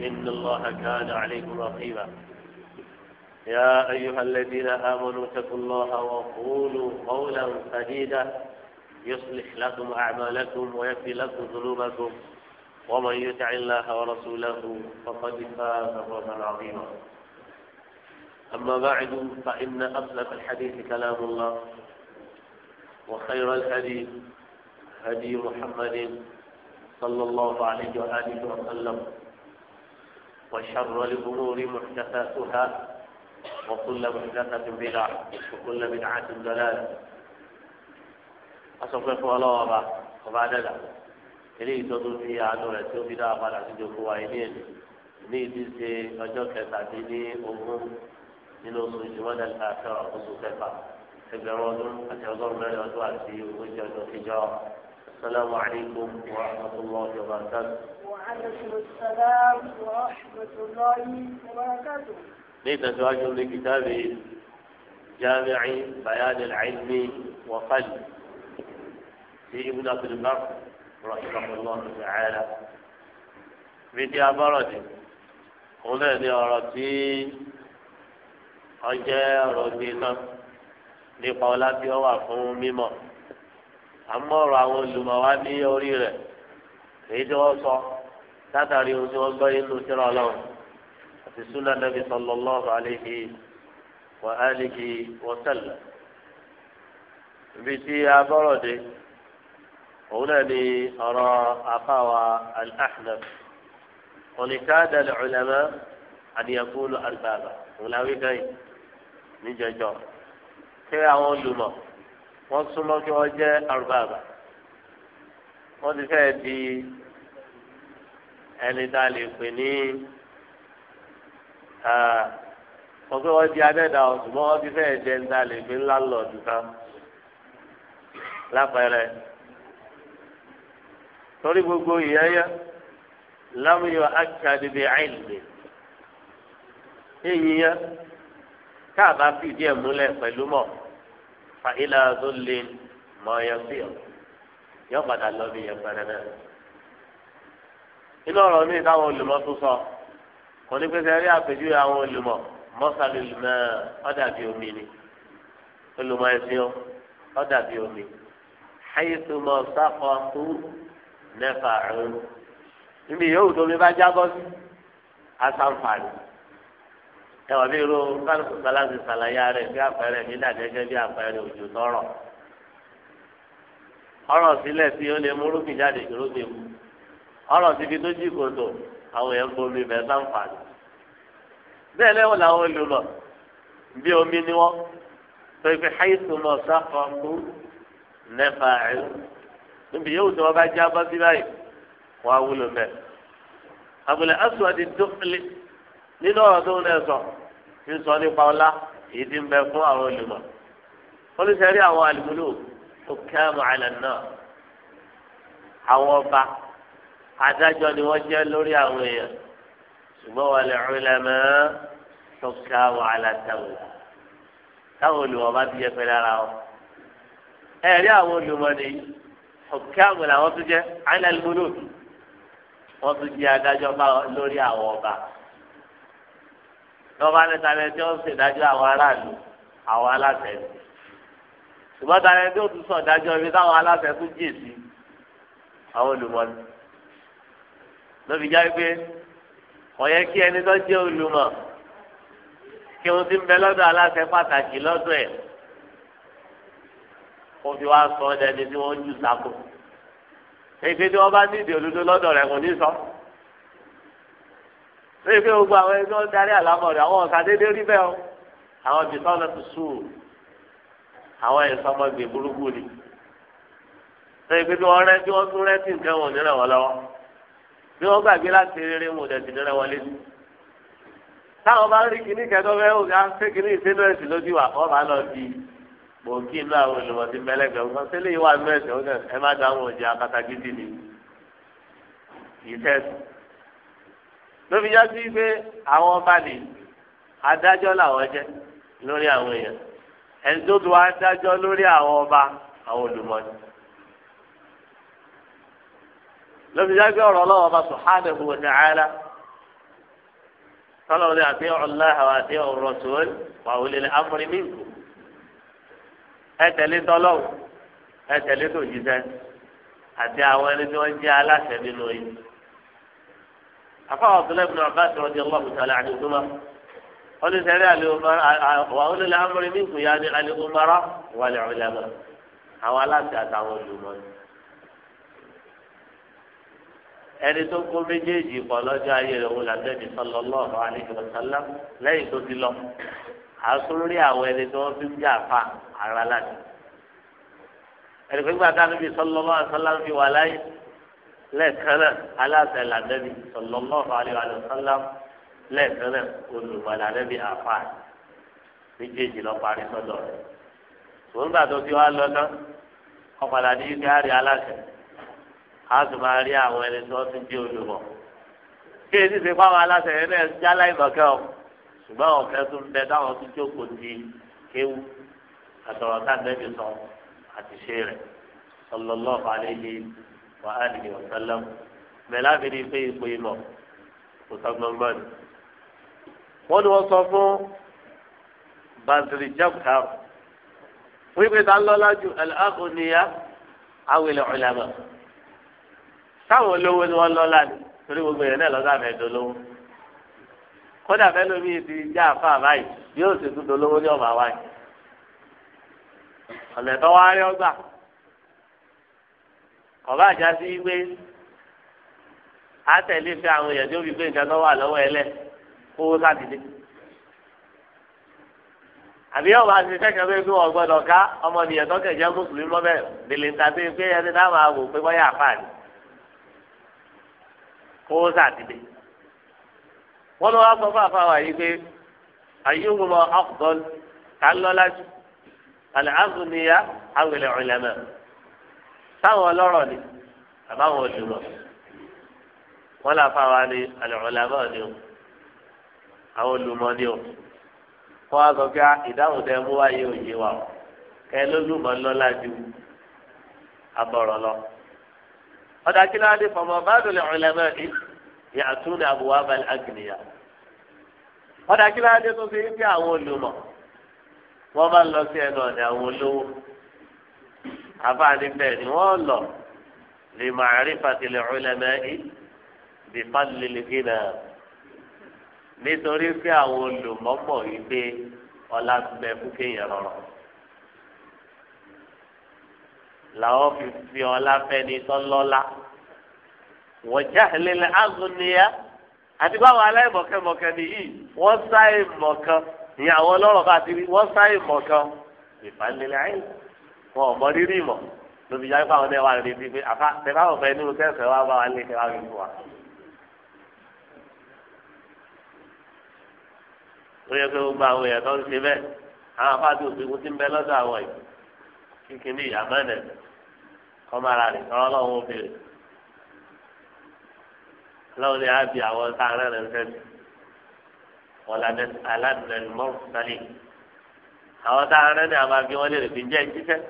إن الله كان عليكم رقيبا يا أيها الذين آمنوا اتقوا الله وقولوا قولا سديدا يصلح لكم أعمالكم ويكفي لكم ذنوبكم ومن يطع الله ورسوله فقد فاز فوزا عظيما أما بعد فإن أصدق الحديث كلام الله وخير الهدي هدي محمد صلى الله عليه وآله وسلم وشر الأمور محدثاتها وكل محدثة بدعة وكل بدعة ضلالة أصبحت الله وبعد ذلك eléyìí tó tún fi àánú rẹ̀ tí ó fi dáa padà sí ìjókòó wa ilé ẹ̀ ní ibi ṣe ọjọ́ kẹtàdín ní ogún nínú oṣù ìjùmọ̀dá àti oṣù kẹfà ẹgbẹ̀rún ọdún àti ọgọ́rùn-ún mẹ́rin ọdún àti ogójì ọdún kẹjọ asalaamualeykum wa rahmatulahi wa barakatuh. وعليكم السلام ورحمة لكتاب جامع بيان العلم وقلب في ابن عبد البر رحمه الله تعالى بدي أبرد هنا لأرتي أجا ردينا لقولا في وفهم مما أما رأوا اللمواني يوري رأي èyí tí látàrí ohun tí wọ́n gbọ́ yín ló tẹ́lẹ̀ ọlọ́run àti súnà nàbì sallallahu alayhi wa alihi wa sallam. ibi tí a bọ́rọ̀ dé òun náà ni ọ̀rọ̀ àfáwà al-Ahnaf oníkádà al-ulama an òun làwí gan yìí níjẹjọ ṣé àwọn olùmọ̀ wọ́n súnmọ́ kí wọ́n jẹ́ arbaba wọ́n ti fẹ́ẹ́ di. ẹni tá a lè pè ní wọ́n pé wọ́n di adẹ́dà ọ̀sùnmọ́ wọ́n ti fẹ́ẹ́ jẹ́ ní tá a lè pè ńlá lọ́ọ̀dù kan lápẹẹrẹ torí gbogbo ìyáyá lámúyọ akadébé àìlè ẹ̀yìn yá káàbá fìdí ẹ̀ múlẹ̀ pẹ̀lú mọ̀ fàyílà tó lé mọ̀ padà lọ bí yẹn náà. inú ọ̀rọ̀ mi táwọn olùmọ̀ tún sọ kò ní pẹ́sẹ́ rí àpèjúwe àwọn olùmọ̀ mọ́sálì olùmọ̀ ọ̀dàbí omi ni olùmọ̀ ẹ̀sìn ọ̀dàbí omi ayétumọ̀ sáfọ̀ tó nẹ́fà ọ̀hún níbi yòówù tó mi bá jábọ́ sí asánfààní ẹwà bí irú kálukú sáláṣí sàlàyé rẹ̀ bí àpẹẹrẹ mi dà gẹ́gẹ́ bí àpẹẹrẹ òjò tọrọ ọ̀rọ̀ sílẹ̀ tí ó lè mú rúbì jáde rúbì mu ọ̀rọ̀ síbi tó jí kòtò àwọn èèyàn gbomi bẹ́ẹ̀ sáǹfààní bẹ́ẹ̀ lẹ́wọ̀n làwọn olùlọ bí omi ni wọ́n tó ife haisumọ̀ sáfọ̀kú nẹ́fà ẹ̀ níbi yóò tí wọ́n bá já bọ́ sí báyìí wọ́n á wúlò mẹ́. Abul Aswad Ad-Dukhli nínú ọ̀rọ̀ tó ń sọ ń sọ nípa ọlá èyí ń bẹ fún àwọn olùmọ̀ olùsẹ̀rí àwọn àlùmúlò tó kẹ́ àmọ́ àlẹ́ náà àwọn ọba adájọ́ ni wọ́n jẹ́ lórí àwọn èèyàn ṣùgbọ́n wà lè rìn lẹ́mọ́ tọ́ka wàhálà táwọn táwọn olùwọ́ bá ti yẹ pẹ́ lára wọn. ẹ rí àwọn olùwọ́ ni tọ́ka àwọn làwọn tún jẹ́ alẹ́lúmúlò wọ́n tún jẹ́ adájọ́ lórí àwọn ọba. lọ́ba ní tàbí tí wọ́n ṣèdájọ́ àwọn aráàlú àwọn aláṣẹ ṣùgbọ́n tàbí tí ó tún sọ̀dájọ́ ibi táwọn aláṣẹ tún jì sí àwọn olùwọ́ lọ́bi já pé ọ̀yẹ́ kí ẹni tó jẹ́ olùmọ̀ kí ohun tí ń bẹ lọ́dọ̀ aláṣẹ pàtàkì lọ́dọ̀ ẹ̀ kó fi wá sọ ọ́ dẹni tí wọ́n jù sáko èké tí wọn bá ní ìdí olódó lọ́dọ̀ rẹ̀ kò ní sọ lóye pé gbogbo àwọn ẹni tó ń darí àlámọ̀rẹ́ àwọn ọ̀sàdédé rí bẹ́ẹ̀ o àwọn bìtọ́ lọ ti sùn àwọn ẹ̀sọ́ ọmọgbè burúkú ni lóye pé bí wọ́n rẹ́ bí wọ́n tún rẹ́ sí nǹkan wọn nílẹ̀ wọn lọ́wọ́ bí wọn gbàgbé láti rere wọn dẹ̀ sì rere wọlé sí. táwọn bá rí kíní kẹtọ fẹ ó ga ṣé kíní ìṣẹlẹ ẹsìn lójú wa wọn bá lọ di bòókì inú àwọn olùwọ ti mẹlẹgbẹ wọn ṣé lè wà nú ẹsẹ ọdẹ ẹ má dá àwọn òjì akata gidi ni ìṣẹsì. lóbi já sí pé àwọn ọba ni adájọ́ làwọn jẹ́ lórí àwọn èèyàn ẹni tó tó adájọ́ lórí àwọn ọba àwọn olùmọ̀ni. lọ́sí jágbé ọ̀rọ̀ ọlọ́wọ́ bá subhanahu wa ta'ala tọ́lọ́ ní àti Allah wa àti ar-rasul wa ulil amri minkum ẹ tẹ̀lé tọ́lọ́ ẹ tẹ̀lé tòjíṣẹ́ àti àwọn ẹni tí wọ́n jẹ́ aláṣẹ nínú yìí. afáwọn ọ̀tún lẹ́bùn Abbas radiyallahu ta'ala anhuma wọ́n ti sẹ́rí wa ulil amri minkum yá ni al-umara wal ulama àwọn aláṣẹ àtàwọn ẹni tó kó méjèèjì pọ̀ lọ́jọ́ ayé rẹ̀ wò làbẹ́bí sallallahu alaihi wasallam lẹ́yìn tó ti lọ àtúrí àwọn ẹni tó wọ́n fi ń jà fa ara láti. ẹni pé gbàgbá níbi sallallahu alaihi wasallam fi wà láyé lẹ́ẹ̀kan náà aláṣẹ làbẹ́bí sallallahu alaihi wasallam lẹ́ẹ̀kan náà olùgbàlà lẹ́bí àfa méjèèjì lọ parí sọ́dọ̀ rẹ̀. sòwòn gbàdọ̀ fi wá lọ́dọ̀ ọ̀pàdà ní a sì máa rí àwọn ẹni tí wọ́n ti di olùmọ̀ kí èyí ti fáwọn aláṣẹ yẹn náà já láìmọ̀kẹ́ o ṣùgbọ́n àwọn ọ̀kẹ́ tó ń bẹ táwọn tó jókòó di kéwù àtọ̀rọ̀ tá nẹ́bí sọ àti ṣe rẹ̀ sallallahu alaihi wa alihi wa sallam bẹ̀lá mi ní pé ipò ìmọ̀ kò sọ gbọ́ngbọ́n ni. wọ́n ní wọ́n sọ fún Badri Jabhar wípé ta lọ́lá ju al-aghniya aw al táwọn olówó ni wọ́n lọ́la ni torí gbogbo yẹn náà lọ́sà fẹ́ dolówó kódà fẹ́ lómi ti já àfa báyìí yóò sì tún dolówó ní ọ̀bà wáyé ọ̀nà ẹ̀tọ́ wá rí ọgbà ọba àjá sí wípé àtẹ̀lé fẹ́ àwọn èèyàn tó fi gbé nǹkan tó wà lọ́wọ́ ẹlẹ́ owó sátidé àbí ọba àti kẹ́kẹ́ bẹ́ẹ̀ bí wọ́n gbọ́dọ̀ ká ọmọ nìyẹn tó kẹ̀jẹ́ mùsùlùmí lọ́bẹ̀ bèlè ń ta pé ẹni táwọn àwò pé wọ́n yà fáàní kó sàdìde wọn lọ wá gbọ́ fún àfàwà yìí pé àyíwòmọ afdal kálọlájú àlẹ azùnìyà àwìlẹ ọlẹmọ sáwọn ọlọ́rọ̀ ni àbáwọn olùmọ wọn là fàwà ni àlẹ ọlẹmọ ni o àwọn olùmọ ni o wọn wá sọ pé ah, ìdáhùn tẹ mú wáyé òye wa kẹ lólùmọ ńlọlá ju abọrọ lọ ọ̀dà kílá dé fọmọ bàdùn ìlànà yìí yàtún àbúwá balẹ̀ àgìnìyà ọ̀dà kílá dé tó fi ń fi àwọn olùmọ̀ wọ́n máa ń lọ sí ẹnu ọ̀dà àwọn olówó àfààní bẹ́ẹ̀ ni wọ́n lọ lè máa rí fàtìlẹ̀ ìlànà yìí bí fàtìlẹ̀ gínà nítorí pé àwọn olùmọ̀ mọ̀ wípé ọlá ń bẹ fún kéèyàn rọrùn. làwọn fi fi ọlá fẹ́ni tọ́lọ́lá wọ́jà lélẹ̀ azùnìyà àti báwọn aláìmọ̀kẹ́mọ̀kẹ́ nìyí wọ́n sá ìmọ̀kan ní àwọn ọlọ́rọ̀ bá ti rí wọ́n sá ìmọ̀kan ìfàlélẹ̀ ayé wọn ò mọ rírì mọ̀ lóbi jáde fáwọn ọdẹ wa rèé bíi pé àfa tẹ̀fà ọ̀fẹ́ nínú kẹsẹ̀ wa bá wa lé kẹwàá rèé fún wa. ó yẹ kí gbogbo àwọn èèyàn tó ń ṣe bẹ́ẹ̀ àwọn afáàdé òṣèlú ti ń bẹ lọ́dọ̀ àwọn yìí kíkiri àmánà kọ́mára rẹ̀ kọ́ ọlọ́run obìnrin ọlọ́run ni a bí àwọn tá a rẹ̀ rẹ̀ sẹ́ni ọ̀làdẹ aládùúgbò mọ́rù sálẹ̀ àwọn tá a rẹ̀ ni a máa bí wọ́n lè rè fi jẹ́ ìjíṣẹ́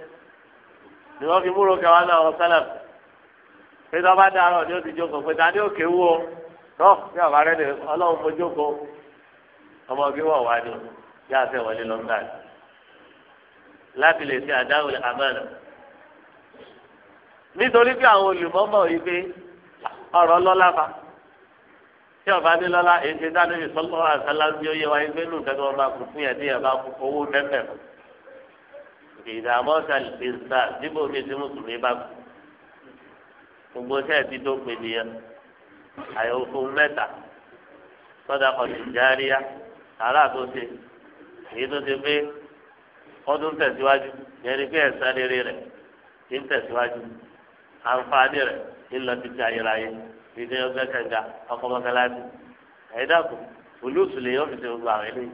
ni wọ́n fi múrò kẹwàá náà wọ́n sálẹ̀ pé tí wọ́n bá dárọ̀ ni ó ti jókòó pé ta ni ó kéwú o tọ́ bí àwọn rẹ̀ ni ọlọ́run mo jókòó ọmọ bí wá ni yá àfẹ́ wọlé lọ́ńdà ni láti lè ṣe àdáwò àmàlà nítorí pé àwọn olùmọ́mọ́ yìí pé ọ̀rọ̀ lọ́lá fa tí ọba ní lọ́lá èsì dánilẹ̀ sọ́kọ́ àṣálá bí ó yẹ wáyé pé nù kẹ́kẹ́ wọn bá kú fún yẹn tí yẹn bá kú owó mẹ́fẹ̀ ìdààmú ọ̀sà lè sà dípò mi tí mùsùlùmí bá kú gbogbo sẹ́ẹ̀ tí tó pè nìyẹn àyòfó mẹ́ta sọ́dà kọ̀ọ̀tì járíyá sàrà tó ṣe èyí tó ṣe pé. ọdún tẹ̀síwájú yẹn ni pé ẹ̀sán rere rẹ̀ ti ń tẹ̀síwájú àǹfààní rẹ̀ ńlọ títí ayérayé ìdí ọgbẹ́ kẹga ọkọ̀ mọ́kálásí ẹ̀dàkùn lè yọ̀ọ́ fi gbogbo àwọn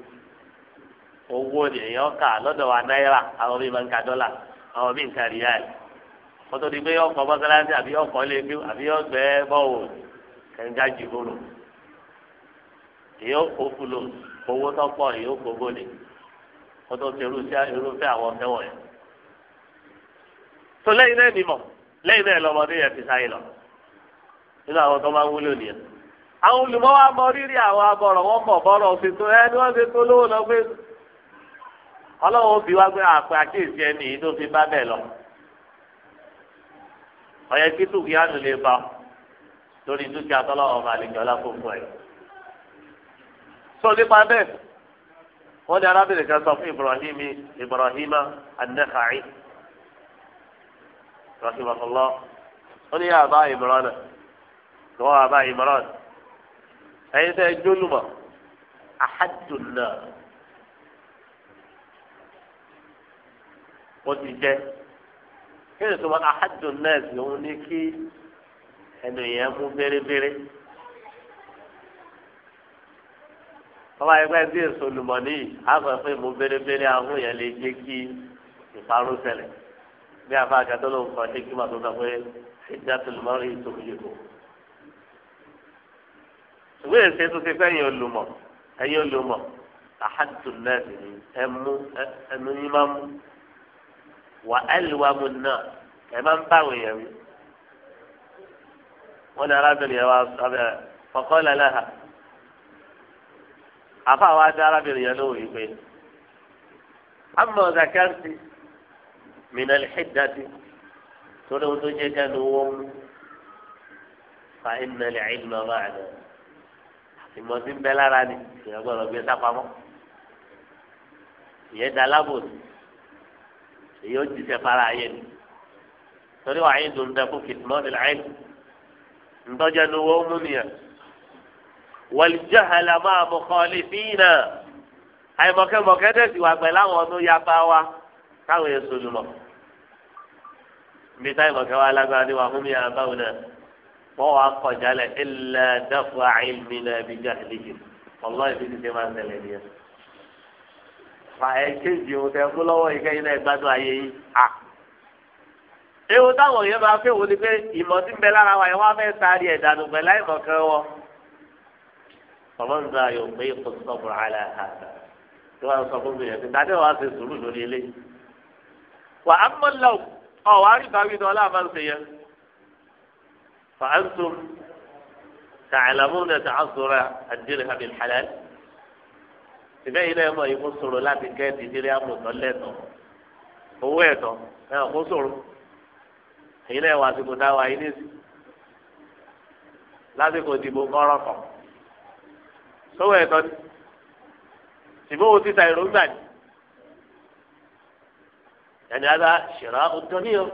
owó ni èèyàn kà lọ́dọ̀ wa náírà àwọn bíi máa ń ka dọ́là àwọn bíi ń ka di pé àbí ọkọ̀ àbí ọgbẹ́ kẹga jìbòrò èèyàn kó owó tó pọ̀ èèyàn kó kó tó ṣe irúfẹ́ àwọn mẹ́wọ̀n yẹn. tó lẹ́yìn náà ni mọ̀ lẹ́yìn náà lọ́mọdé yẹn ti sáyé lọ nínú àwọn tó máa ń wúlò nìyẹn. àwọn olùmọ̀ wa mọ rírì àwọn abọ̀rọ̀ wọn mọ̀ bọ́rọ̀ ṣètò ẹ ni wọ́n ṣe tó lówó lọ pé ọlọ́run fi wá gbé àpè àkíyèsí ẹni yìí tó fi bá bẹ́ẹ̀ lọ. ọ̀yẹ́ kí dúkìá nù lè bá lórí dúkìá tọ́lọ́wọ́ máa lè jọ lápò fún ẹ̀. sọ nípa bẹ́ẹ̀ wọ́n ní arábìnrin kan sọ fún ibrahim ibrahima anakai rahimahullah wọ́n ní yàrá bá imran ní wọ́n bá imran ẹ̀yin tẹ́ jólùmọ̀ ahadùnà ó ti jẹ́ kí ni tó wọn ahadùnà ẹ̀sìn òun ní kí ẹnu mú bérebére. tọ́ba ẹgbẹ́ bí èso lùmọ̀nì àfẹ́fẹ́ mú bérebére ahọ́n yẹn lè jẹ́ kí ìparun ṣẹlẹ̀ bí afa akẹ́tọ́ ló ń kọ́ ṣé kí màtó náà pé ìjà tó lùmọ̀ rí ìtòkù yìí kù. ìwé èsè tó ti fẹ́yìn olùmọ̀ ẹ̀yìn olùmọ̀ àhàtùn náà sì ni ẹmu ẹnu yín máa mú wà ẹlùwà mu náà ẹ máa ń bá àwọn èèyàn mi. wọ́n arábìnrin yẹn wá sábẹ́ fọkọ́ lẹ́lẹ́ ha àfa wa dá arábìnrin yẹn lóhùn ìpè àmọ́ zakarti minal xidati torí wọn tó jẹ kánú wọn mú fa ìnàlẹ ìlú ọmọ àná ìmọ̀tí ń bẹ lára ni ìyẹn gbọ́dọ̀ gbé sápamọ́ ìyẹn da lábòsí èyí ó jíṣẹ́ fara ayé ni torí wàá yín dundun kó kìtìmọ́ nílẹ̀ ayé ńtọ́jà ni wọ́n mú nìyẹn wàlìjáhàlà máa mọ̀kànlé fínà àìmọ̀kẹ́mọ̀kẹ́ tẹ̀sí wà pẹ̀lú àwọn ọdún yapa wa káwọn èso lùmọ̀ níta ìmọ̀kẹ́ wa lágbára ni wà fún mi àbáwọn náà wọ́n wàá kọjá lẹ̀ ilẹ̀ dáfà ìlmi náà bí jáhìlìkì ọlọ́ ìfi ti ṣe máa ń tẹ̀lé nìyẹn. fà ẹ kéjì òun tẹ fún lọ́wọ́ ìkẹyìn náà gbádùn ayé yìí à. ewu táwọn yẹn máa fẹ́ wò ni pé ìmọ̀ فمن ذا يطيق الصبر على هذا سؤال صبر بيه بعد ما أصير سلوك ليلي وأما لو قواري تابيد ولا أمان سيئا فأنتم تعلمون تعصر الدين بالحلال إذا إلى ما يقصر لا تكاد تجري أمر صليته قويته لا قصر إلى واسكتا وإنس لا تكاد تبقى رقم sọ́wọ́ ẹ̀tọ́ ni ṣùgbọ́n o ti ta èròǹgbà ni yàní ada ṣèrà ọ̀dọ́níyàn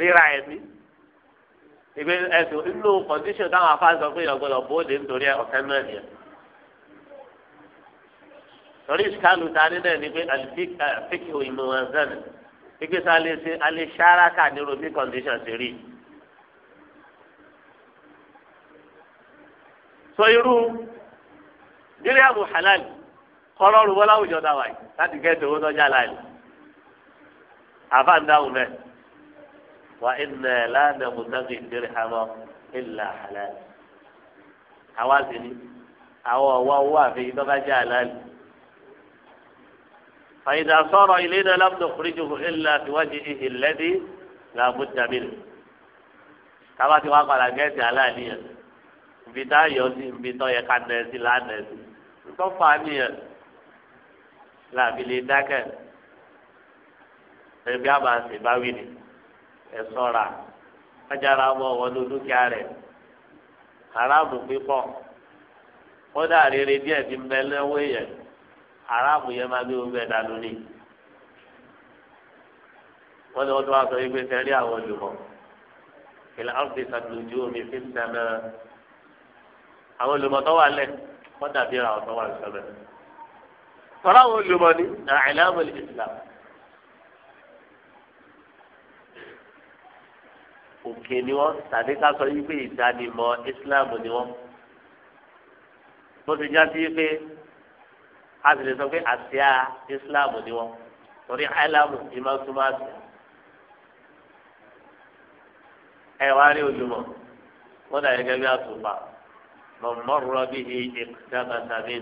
ríra ẹ̀mí ìgbé ẹ̀sùn inú kọ̀ndíṣọ̀n táwọn afáàní sọ pé ìyàgbọ́dọ̀ bóde nítorí ọ̀fẹ́ náà nìyẹn torí ìsìkáàlù ta ní náà ni pé àlùfíkì ìmọ̀ wọn sẹ́nu pípé sá lè ṣe alẹ́ ṣáraka ní romi kọ̀ndíṣọ̀n ti rí. sọ irú ilé àmú halal kọ́rọ́ rúbọ́ láwùjọ dá wáyé láti gẹ́tò owó tọ́jà láàyè àfa ń dáhùn mẹ́ wà ìnà lánàá mùsàkì ìdírí hamọ́ ìlà halal àwa sì ni àwọn ọ̀wọ́ owó àfihàn tọ́ka jẹ́ halal fàyìntà sọ̀rọ̀ ilé náà lábùdó kúrìjù ìlà tiwájú ìhìlẹ́dì làbùdàmìlì kábàtì wà padà gẹ́tì halal yẹn nbita yọ sí nbitọ yẹ ká nẹ sí lánàá tọ́fà nìyẹn làbí lè dákẹ́ ẹbí àbàṣe bá wí ni ẹ sọ́ra ajára mọ́ wọnú dúkìá rẹ̀ haramu pípọ̀ kódà rere díẹ̀ ti bẹ lọ́wọ́ èèyàn haramu yẹn máa gbé gbogbo ẹ̀dá lórí wọ́n ní wọ́n tún wá sọ wípé sẹ́rí àwọn olùkọ́ kìlá ọ́fíìsì àti ojú omi fi ń dáná àwọn olùmọ̀tọ́ wà wọ́n dàbí ra ọ̀tọ̀ wà sọ́bẹ̀. tọ́lá àwọn olùmọ̀ ní àìlámù islam òkè ni wọ́n tàbí ká sọ wípé ìdánimọ̀ islam ni wọ́n tó ti já sí pé a sì lè sọ pé àsíá islam ni wọ́n torí àìlámù ìmọ̀túnmọ̀ àsíá. ẹ wá rí olùmọ̀ wọ́n dàbí gẹ́gẹ́ bí àtùpà mọ̀mọ́rọ́ bí i ìkùtàbà tàbí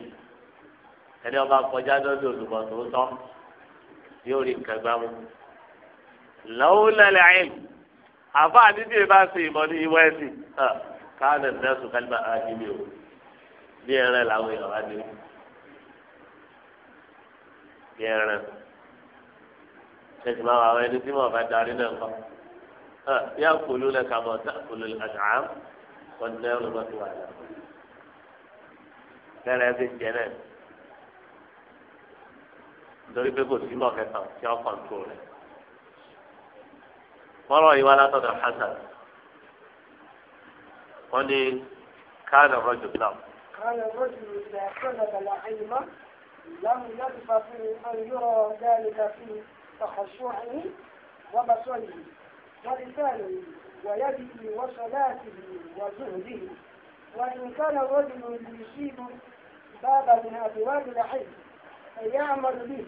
ẹni ọba kọjá lọ́dọ̀ olùkọ́ tòótọ́ yóò rí nǹkan gbá mu. lọ́wọ́lẹ́lẹ́ àyè àfa àdídì bá ṣe ìbọn ní ìwọ ẹ̀sìn káàdì nẹ́sùn kálíbà àdìmí o bí ẹran làwọn èèyàn bá dé bí ẹran ṣèṣin máa wà àwọn ẹni tí wọn bá darí náà kọ yà kúlú lẹ́ka mọ̀ tá kúlú àdàm wọn náà ló bá ti wà lẹ́kọ̀ọ́ tẹ́lẹ̀ fi ń jẹ náà nítorí pé kò sí mọ̀kẹ́ta tí wọ́n kọ̀ǹtò rẹ̀ mọ́rọ̀ yìí wá látọ̀dọ̀ hasan wọ́n ní káàdì rọ́jò náà. káàdì rọ́jò ìgbà kọ́nà kàlà àyùmá lámù láti fa fún mi ọ̀n dáàlì ká fún mi ọ̀kọ̀ṣọ́ àyín wọ́n bá sọ yìí wọ́n ti sẹ́ẹ̀lì ويده وصلاته وزهده وإن كان الرجل يصيب باب من أبواب العلم فيعمل به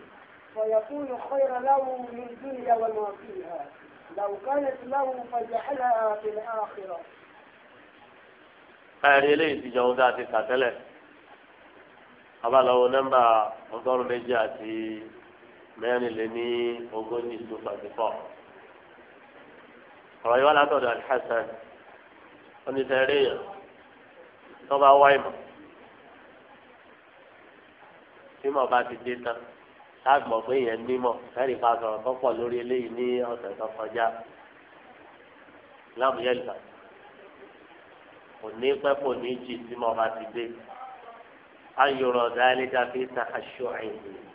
فيكون خيرا له من الدنيا وما فيها لو كانت له فجعلها في الآخرة ẹ̀rí eléyìí ti jẹun tá a ti kà tẹ́lẹ̀ abalọ̀wọ̀ nọ́mbà ọgọ́rùn-ún méjì àti mẹ́rin lé ní ogójì tó pàṣẹ pọ̀ ọ̀rọ̀ yìí wà látọ̀dọ̀ alhassan oníṣẹ́ eré yẹn tó bá wáyé mọ́ tí mo bá ti dé tán lágbọ̀n pé yẹn nímọ̀ lẹ́yìn ká sọ̀rọ̀ tó pọ̀ lórí eléyìí ní ọ̀sẹ̀ tó kọjá lámúyẹ̀lá kò ní pẹ́ kò ní jì tí mo bá ti dé ayọ̀rọ̀ dáálídá fi ta aṣọ àìsàn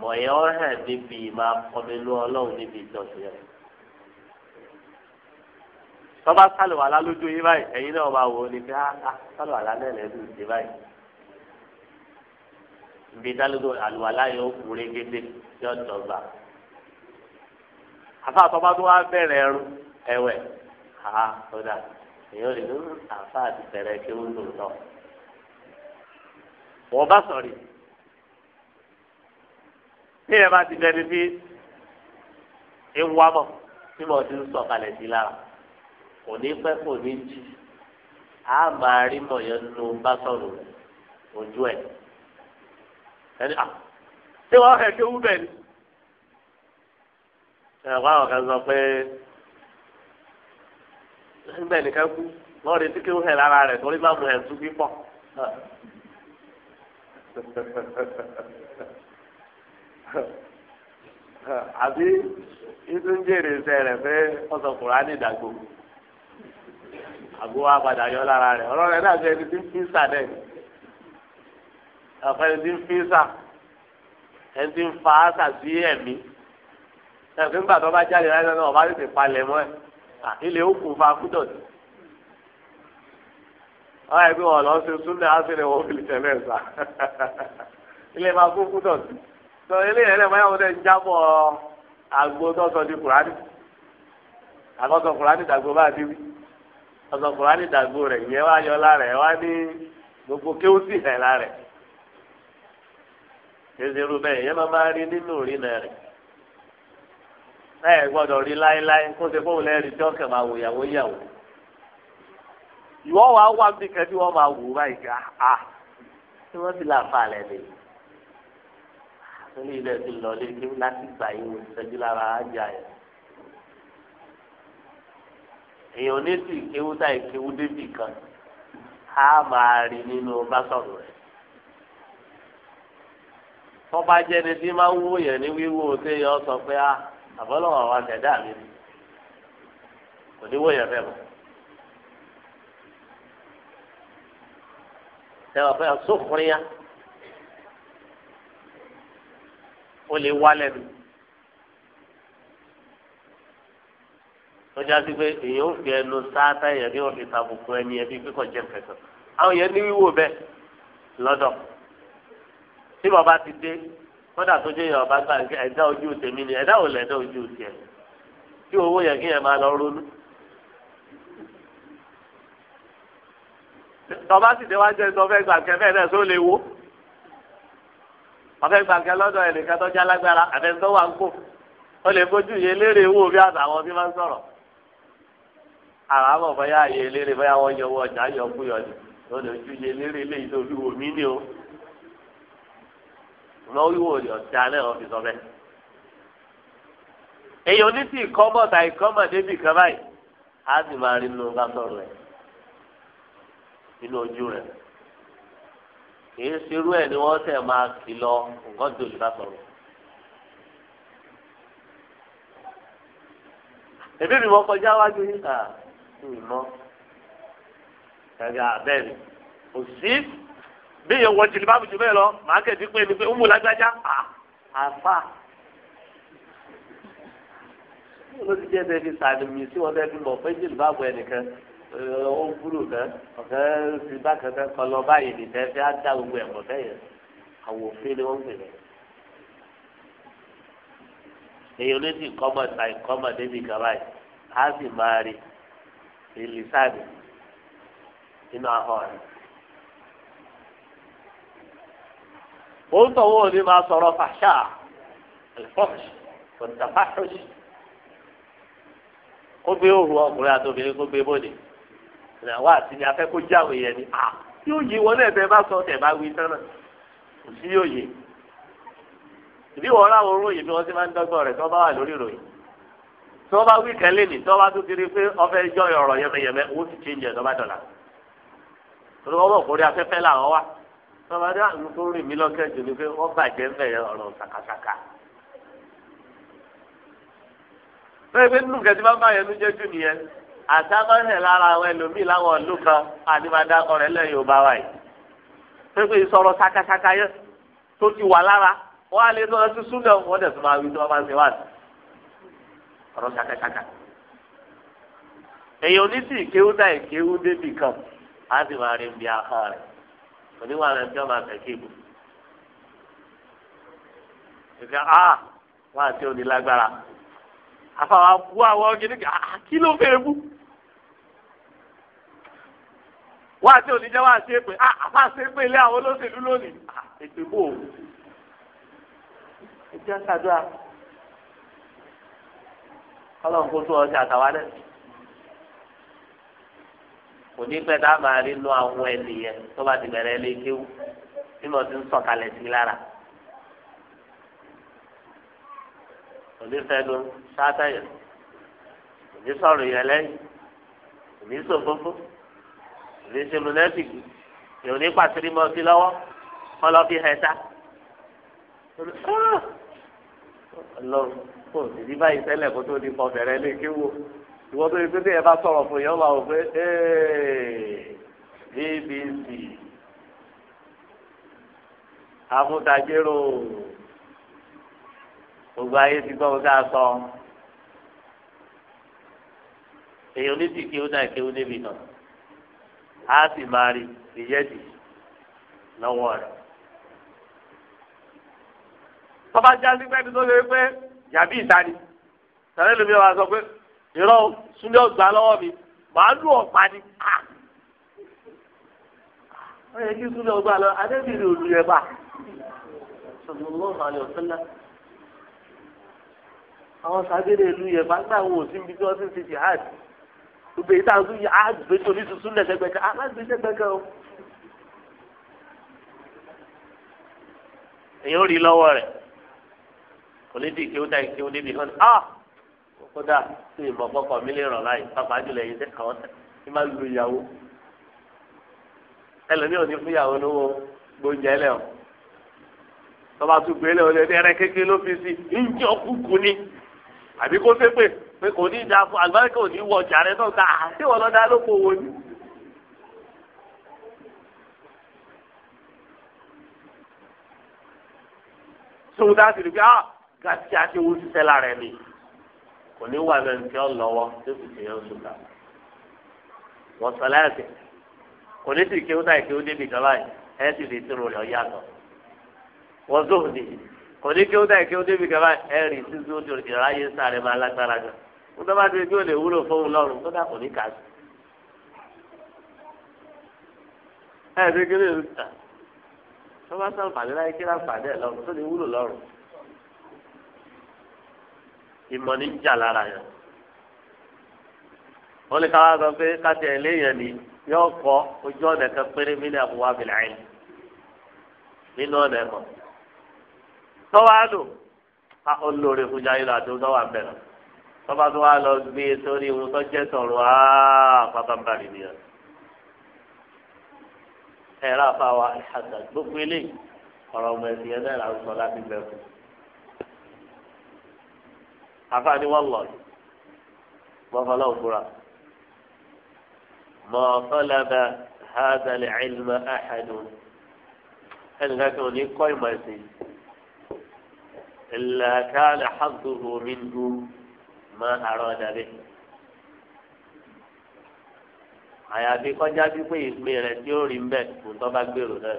mọ̀yẹ́ ọ̀hẹ́ níbi máa kọ́minú ọlọ́run níbi ìjọsìn rẹ̀ tọ́ba sálùwàlá lójú yìí báyìí ẹ̀yin náà máa wò ó ní bí a ah, ah, sálùwàlá náà lẹ́nu ìdí báyìí ibi dálógún àlùwàlá yẹn ó kú régédé tí ó dọ̀gba. àfa àtọ́gbá tó wá bẹ̀rẹ̀ ẹrú ẹ̀wẹ̀ àá kódà èèyàn lè lóyún àfa àti bẹ̀rẹ̀ kí ó lò lọ. wọ́n bá sọ̀rí tí ẹ bá ti bẹni bí ewu amọ̀ tí mo ti ń sọ̀kalẹ̀ sí lára kò ní pẹ́ kò ní jí a máa rí mọ̀yọ́ nínú bá sọ̀rọ̀ ojú ẹ̀. ẹni à ah, ṣé wọ́n fẹ́ kéwú bẹ́ẹ̀ ni. ẹ wá ọ̀kan sọ pé nígbà nìkan kú wọ́n retí kéwú hẹ̀ lára rẹ̀ torí má mu hẹ̀ tún àbí ìtúnjèrè iṣẹ́ ní ìdàgbò àbúwá padà yọ lára rẹ ọ̀rọ̀ náà ṣe ẹni tí ń fi ọ̀pọ̀ ẹni tí ń fi sà ẹni tí ń fa sà sí ẹ̀mí ẹ̀fí ń gbàdọ́ bá jáde láti ọ̀nà ọ̀bá tètè palẹ̀ mọ́ ẹ̀ ilé ó kún fa kúdọ̀tì. ọ̀rọ̀ ẹgbẹ́ wọn lọ sí súnlẹ̀ ásílẹ̀ wọn fi tẹ̀lé ẹ̀sà ilé máa kún kúdọ̀tì. sọ eléyìí ẹlẹ́mọ̀ ẹ̀wọ̀n tẹ̀ ń jábọ̀ àgbo tọ́sọ di kùránì àkọ́sọ kùránì dàgbò bá ti wí ọ̀sọ̀ kùránì dàgbò rẹ̀ ìyẹn wá yọ lára ẹ̀ wá ní gbogbo kéwùsì rẹ̀ lára ẹ̀ ṣèṣe irú bẹ́ẹ̀ yẹn máa rí nínú ìrìnà rẹ̀ ẹ gbọ́dọ̀ rí láéláé kó ṣe fóun lẹ́rìí tí ọkàn máa wò yàwó yàwó ìwọ wàá wà bí kẹ́bí wọ́n máa wò báyìí ká a tí wọ́n ti là fà lẹ́nu nílé ilẹ̀ ti lọ lé láti gbà yín wò ìṣẹ́jú lára ájà yẹn èèyàn ní sì kéwú táyì kéwú débì kan á máa rí nínú bá sọ̀rọ̀ rẹ̀ tọ́ba jẹni tí máa ń wó yẹn ní wíwó téèyàn sọ pé a ah, àbọ́lọ́wọ́ wa tẹ̀dá mi ni kò ní wó yẹn fẹ́ mọ́. tẹ́wọ̀n fẹ́ sókùnrin ó lè wá lẹ́nu lọ́jà sí pé èèyàn ò fi ẹnu sáátá èèyàn bí fi tàbùkù ẹni ẹbí pé jẹ́ kẹsàn-án àwọn èèyàn ní wíwò bẹ́ẹ̀ lọ́dọ̀ tí bàbá ti dé kódà tó jẹ́ ìyàwó bá gbà ẹ̀dá ojú tèmi ni ẹ̀dá ò lẹ́dá ojú tiẹ̀ tí owó yẹn kí yẹn máa lọ ronú. tọ́ba sì déwájú ẹni tó fẹ́ gbà kẹ́ bẹ́ẹ̀ náà tó lè wó ọ̀fẹ́ gbà kẹ́ lọ́dọ̀ ẹnìkan tó já lágbára àtẹ̀sọ́ wà ń kó ó lè fojú yẹn léèrè wò bí àtàwọn bí máa ń sọ̀rọ̀ àràmọ̀ bóyá yẹn léèrè bóyá wọ́n yọ owó ọjà yọ kú yọ ni ó lè ojú yẹn léèrè léyìí tó fi wò mí ni o ṣùgbọ́n wíwò ọ̀dà náà wọ́n fi sọ bẹ́ẹ̀. èyí ò ní sí ìkọ́mọ̀ tà ìkọ́mọ̀ débì kan báyìí á sì máa rí nínú bá sọ̀rọ̀ rẹ̀ nínú ojú rẹ̀ kìí ṣerú ẹ̀ ni wọ́n tẹ̀ máa kìlọ̀ nǹkan tó lè bá sọ̀rọ̀. èmi mi wọ́n kọjá wájú yín kà ń mọ́ ẹ̀gà bẹ́ẹ̀ ni kò sí bí èèyàn wọ jìnnì báàbù jù bẹ́ẹ̀ lọ màá kẹ̀ dín pé ni pé ó mú lágbájá àfa ló ti jẹ́ tẹ́fi sàlùmí sí wọn tẹ́fi mọ̀ pé jìnnì báàbù ẹnìkan ó ń kúrò náà ọ̀kẹ́ ti bákan kan kọ lọ báyìí ní tẹ́fi á dá gbogbo ẹ̀kọ́ tẹ́yẹ àwòfin ni wọ́n ń gbèrè. èèyàn ló ti kọ́mọ̀ ta ìkọ́mọ̀ débi kan báyìí á sì máa rí ìlísàdì nínú ahọ́n rẹ̀. ó ń tọ̀wọ́ ní máa sọ̀rọ̀ fàṣà alifọ́ṣ kòtàfàṣọ́ṣ kó gbé òru ọkùnrin àti obìnrin kó gbé bóde ìnáwó àti ní afẹ́ kó jáwé yẹn ni à yóò yí wọn náà tẹ bá sọ tẹ bá wí tán náà kò sí yóò yé ìdí wọn láwọn olóyè bí wọn ti máa ń dọ́gbọ́n rẹ̀ tí wọ́n bá wà lórí ìròyìn tí wọ́n bá wí kẹ́lé nì tí wọ́n bá tún ti rí pé ọfẹ́ jọ ọ̀rọ̀ yẹmẹyẹmẹ owó ti ṣe ń jẹ tó bá dọ̀là torí wọ́n mọ̀ kórè afẹ́fẹ́ làwọn wá tọ́mọdé àwọn tó rìn mí lọ́kẹ́ jù ni pé wọ́n bàjẹ́ ń bẹ̀rẹ̀ ọ̀rọ̀ sàkàsàkà. bẹ́ẹ̀ pé nínú kẹ́tí bá ń báyẹn ló jẹ́ jù nìyẹn àtàkọ́sẹ̀ lára àwọn ẹlòmíì láwọn ìlú kan àdìmọ̀dá ọ̀rẹ́ lẹ́yìn ò bá wà yìí. pé pé ìsọ̀rọ̀ sàkàsàkà yẹn tó ti wà lára wọ́n á lè tó ọtún súnlẹ̀ wọ́n dẹ̀ tó máa wí tó wọ́n máa ń ṣe wá sí. ọ̀rọ̀ sàkàsàkà oníwà rẹ̀ ń bí ọmọ àtẹ̀kí ìbò. ìfẹ́ ah wọ́n àti òní àfàwọn abú àwọn gidi kí ló fẹ́ bú. wọ́n àti òní jẹ́ wọ́n èpè ah àfa àti èpè ilé àwọn olóṣèlú lónìí ah èpè bò ó. kọ́lọ̀ ń kó tó ọjà àtàwọn kò ní pẹ́ tá a máa rí inú àwọn ènìyàn tó bá ti bẹ̀rẹ̀ lé kéwú bí mo ti ń sọ̀kalẹ̀ sí lára. kò ní fẹ́ lu sátẹ̀yìn kò ní sọ̀rọ̀ yẹn lẹ́yìn kò ní sòfófó kò ní ṣe lùnẹ́tìkì kò ní pàṣírí mọ́ sí lọ́wọ́ kọ́ lọ́ fi hẹ̀ ta ọlọ́run kò sì rí báyìí tẹ́lẹ̀ kó tó di kọ bẹ̀rẹ̀ lé kéwú ìwọ tó yẹ pé bí ẹ bá sọ̀rọ̀ fún yẹn ó máa wò pé abc amútajérò gbogbo ayé ti gbọ́ ká sọ èèyàn ní ti kéwọ́n náà kéwọ́n débi náà á sì máa rí ìyẹ́dì lọ́wọ́ rẹ̀. tọ́ba jásí pẹ́ẹ́ni tó ṣe pé yàbí ìta ni tẹ̀lé lómi wa sọ pé irọ́ súnlé ọ̀gbà lọ́wọ́ mi màálù ọ̀pá ni ká wọ́n yẹ kí súnlé ọ̀gbà lọ adébìrì òlù yẹn bá sọlọ́ọ̀hún àlẹ́ ọ̀sẹ́lá àwọn sàgbére ìlú yẹn bá gbà wò sí ibi tí wọ́n ti ń ṣe jihad gbogbo èyí táwọn tún yà á gbé torí tuntun lẹ́sẹ̀gbẹ̀kẹ́ alágbèsẹ̀gbẹ̀kẹ́ o. èyí ó rí lọ́wọ́ rẹ̀ kò ní di ìkéwọ́ta ìkéwọ́ débi kan ah! kódà tí ìmọ̀ kọ́kọ́ mi lè ràn láyé pápá jùlọ ẹ̀yin tẹ́ àwọn tẹ́ ẹ máa lu ìyàwó ẹlòmíì ò ní fún ìyàwó lówó gbóúnjẹ lẹ̀ o tọ́ba tún gbélé o lè ní ẹrẹ kékeré ló fi sí ìjì ọkùnkùn ni àbí kó fẹ́ pé pé kò ní ìjà fún àlùbáríkà ò ní wọ ọjà rẹ náà ká àti wọn lọ́dá lóko wo ni. sóhun tá a sì pé ah gàtí àti owó ti sẹ́lá rẹ̀ nìyí kò wà lẹ́nu tí ó lọ́wọ́ tó fi ṣe oṣù kà wọ́n sọ láti kò sì kí ó táyì kí ó débi kan báyìí ẹ sì lè tún rẹ̀ yàtọ̀ wọ́n zò ní kò kí ó táyì kí ó débi kan báyìí rì sí sí oṣù ìrọ̀ ayé sáré máa lágbára gan wọ́n tó bá ti kí ó lè wúlò fóun lọ́rùn tó dà kò ní kà sí. ẹ ti kí ni ìlú ta tó bá sọ̀rọ̀ pàdé láyé kí ìmọ̀ ní jà lára yẹn wọ́n lè káwá sọ pé káti ẹ̀ léèyàn ni yóò kọ́ ojú ọ̀nà kan péré mílíọ̀nù àbúwá bìlà ẹ̀ nínú ọ̀nà ẹ̀mọ́ tọ́wọ́ á lò á ó lóore fún jáde lọ àti tọ́wọ́ àbẹ̀rẹ̀ tọ́ba tó wá lọ gbé e sórí ohun tó jẹ́ sọ̀rọ̀ áá nìyẹn ẹ̀rọ àfàwà ìhàtà gbogbo eléyìí ọ̀rọ̀ ọmọ ẹ̀sìn yẹn náà là ń sọ láti bẹ̀rù àfààní wọn lọ mọ́fọ́lá òkúra mọ́fọ́lábà hádàlẹ̀ ẹ̀lmà àhàdù ẹnìkan kí wọn ní kọ́ ìmọ̀ ẹ̀sìn ìlàkàlẹ̀ hàdùrù mi dùn má àrọ̀ dàbí àyàfi kọjá pípé ìpín rẹ tí ó rí mbẹ kò tó bá gbèrò náà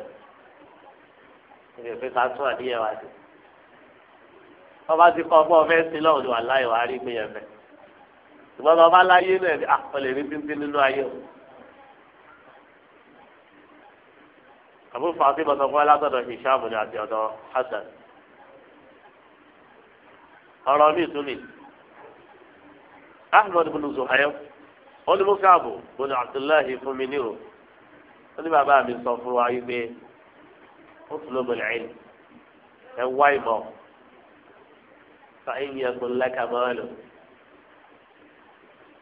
ìrèké ká tún àdéhùn àti ọba ti kọ ọgbọ́n fẹ́ sí lọ́wọ́ ni wà láyé wàá rí pé yẹn fẹ́ ṣùgbọ́n bàbá láyé náà ni àpọ̀lẹ̀ rí pínpín nínú ayé o. àbúrò fàáfin bọ̀sán fún alátọ̀dọ̀ hisham ni àti ọ̀dọ̀ hasan. ọ̀rọ̀ mi tún ni ahmed bin zuhair olùmúkàbù bin abdullahi fún mi ní o ó ní bàbá mi sọ fún wa yìí pé ó tún ló bẹ̀rẹ̀ ẹ̀ wá ìmọ̀ fàáyìn yẹn kò lẹ́ka máa lò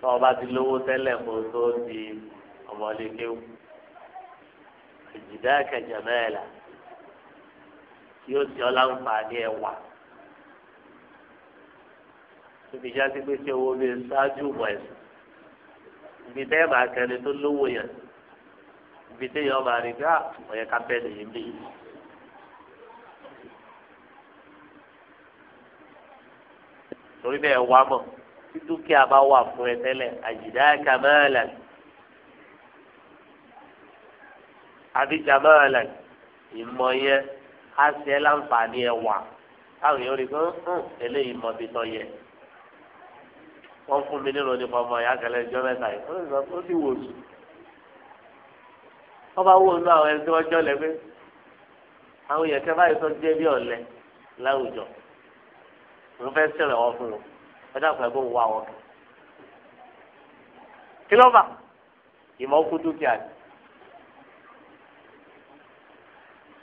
tọ́ ọba ti lówó tẹ́lẹ̀ kó tó di ọmọlékéwù ìjìdá kẹjọ mẹ́ẹ̀la yóò ti ọ́ láǹfààní ẹ̀ wà níbi ìjà sí pé kí owó bíi ṣáájú mọ̀ ẹ̀sìn ibi tẹ́ ẹ̀ kẹ́ni tó lówó yẹn ibi tẹ́ yẹn ọmọ àrígbá ọ̀yẹ́ká bẹ́ẹ̀ nìyí bí yìí. torí bẹ́ẹ̀ wá mọ̀ tí dúkìá bá wà fún ẹ tẹ́lẹ̀ àjìdá kàmáàlà àbí kàmáàlà ìmọ̀ yẹn á ṣe láǹfààní ẹ wà táwọn èèyàn rí i pé ń eléyìí bí tọ́ yẹ wọ́n fún mi nínú nípa ọmọ ìyá kẹlẹ́ ìjọ mẹ́ta yìí wò sùn wọ́n bá wò nínú àwọn ẹni tí wọ́n jọ lẹ́gbẹ́ àwọn èèyàn òun fẹ́ sẹ̀rẹ̀ wọn fún wọn ẹ dàpọ̀ ẹ bó ń wá kí ló fà ìmọ̀ kú dúkìá ni.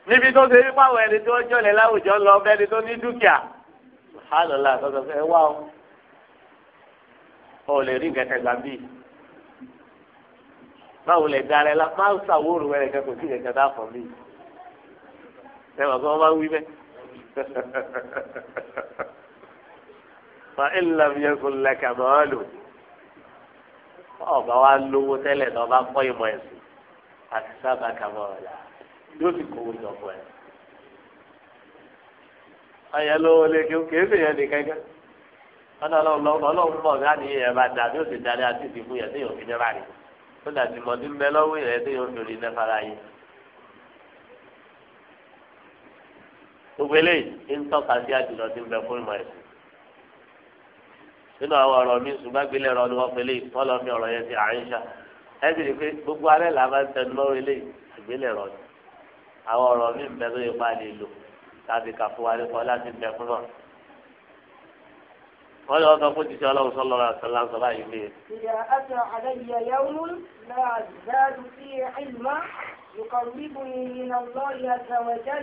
níbi tó ṣe wípé àwọn ẹni tó jọlẹ̀ láwùjọ lọ ọbẹ̀ ẹni tó ní dúkìá hálọ́lá sọ́sọ́ ẹ wá o ò lè rí nǹkan kẹgbà bíi báwo lè darẹ la máa ń sàwóoru rẹ kẹkọọ sí kẹkẹ tá a fọ mí ẹ wà kí wọn bá wí bẹ fàìlà yẹkùn lẹ́kà máa lò ọba wa lówó tẹ́lẹ̀ náà bá kọ́ ìmọ̀ ẹ̀sìn àti sábà kàmọ́ ọ̀la yóò sì kówó jọ fún ẹ. ọ̀yẹ́ lówó lé kí kìí sì yẹn nìkan gẹ́ ọ̀nà ọlọ́run ọlọ́run pọ̀ ká ní ìyẹn bá dà bí ó sì darí àti ìdìbò yẹn tí yóò fi jẹ́ báyìí tó dà sí mọ́tí bẹ lọ́wọ́ yẹn tí yóò fi rí gbogbo eléyìí ń tọ́ka sí àjùlọ tí ń bẹ fún ìmọ̀ ẹ̀sìn nínú àwọn ọ̀rọ̀ mi ṣùgbọ́n gbélé ọ̀rọ̀ ni wọ́n pèlè ìfọ́lọ́ mi ọ̀rọ̀ yẹn ti àyíṣà ẹ sì rí i pé gbogbo alẹ́ là máa ń tẹnu lọ́rọ̀ ilé ìgbélé ọ̀rọ̀ ni àwọn ọ̀rọ̀ mi bẹ tó yẹ pa lè lò láti kà fún wa nípa láti bẹ fún náà. wọ́n lọ sọ fún jíṣẹ́ ọlọ́run sọ́lọ́ ra sọ́lá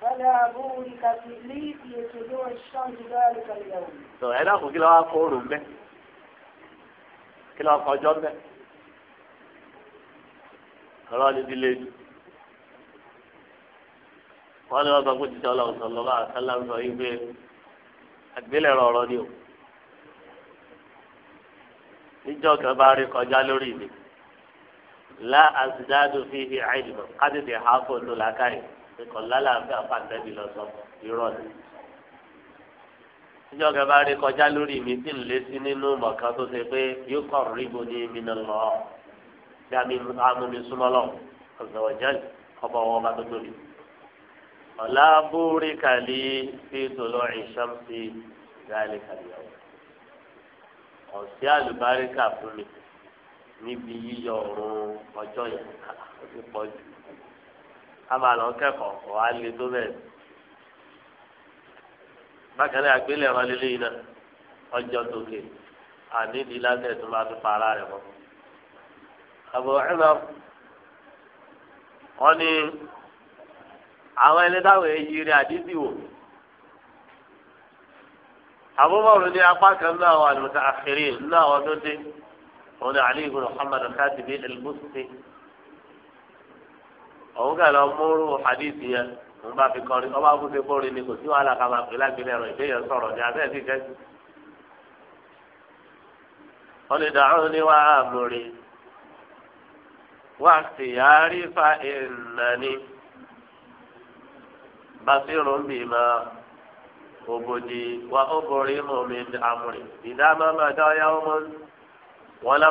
فلا بورك لي في طلوع الشمس ذلك اليوم. تو هنا كو كلا كورو مبه. كلا فجر مبه. خلاص دي wọ́n lé wọn sọ pé títí ọlọ́run sọ lọ́wọ́ àtàlà ń sọ yìí pé àgbélẹ̀rọ ọ̀rọ̀ ni o níjọ́ kan bá rí kọjá lórí mi lá àzìdáàdù fi hi àìlùmọ̀ ká tètè há fóònù làákàyè kíkọ lálàáfíà fàtẹ́bí lọ sọ irọ́ ni. níjọ́ kẹfà rí kọjá lórí mi tí ń lé sí nínú mọ̀kan tó ṣe pé yóò kọ̀ rí bo ní mi nà lọ́ bí a mi amú mi súnmọ́ lọ ọ̀sẹ̀ ọ̀jẹ́ ọba wọn bá tó tóbi. ọ̀la búrí kàlí fi tòlọ́ ìṣàmùsí dáálé kàlí ọ̀wọ́. ọ̀sẹ̀ àlùbáríkà fún mi níbi yíyọ ọ̀run ọjọ́ yẹn kà ó ti pọ̀ jù ká máa lọ kẹ́kọ̀ọ́ kọ́ á lé tó bẹ́ẹ̀ bákan náà àgbélẹ̀ wọn lélẹ́yìn náà ọjọ́ tókè àníbi lásẹ̀ tó máa fi para rẹ̀ mọ́. àbò ẹ̀rọ wọn ni àwọn ẹni táwọn èyí rẹ̀ àdídì wò àbúbọ̀rù ní apá kan náà wà lóta àkèrè náà wọn tó dé wọn ni àlẹ́ ìgbọ̀n Muhammad káàdì bíi ẹlẹ́gbọ̀sẹ̀. òun kà lọ múrú hadith yẹn òun bá fi kọrin ọba kórin ni kò sí wàhálà kà máa pè lágbèlè ẹ̀rọ ìbéèyàn sọ̀rọ̀ ní abẹ́ ti kẹ́sì. wọ́n lè dàrún ní wàá múri wàá sì yáárí fa ìnàní obodi wa obori mumin amri idama ma da yawmun Wala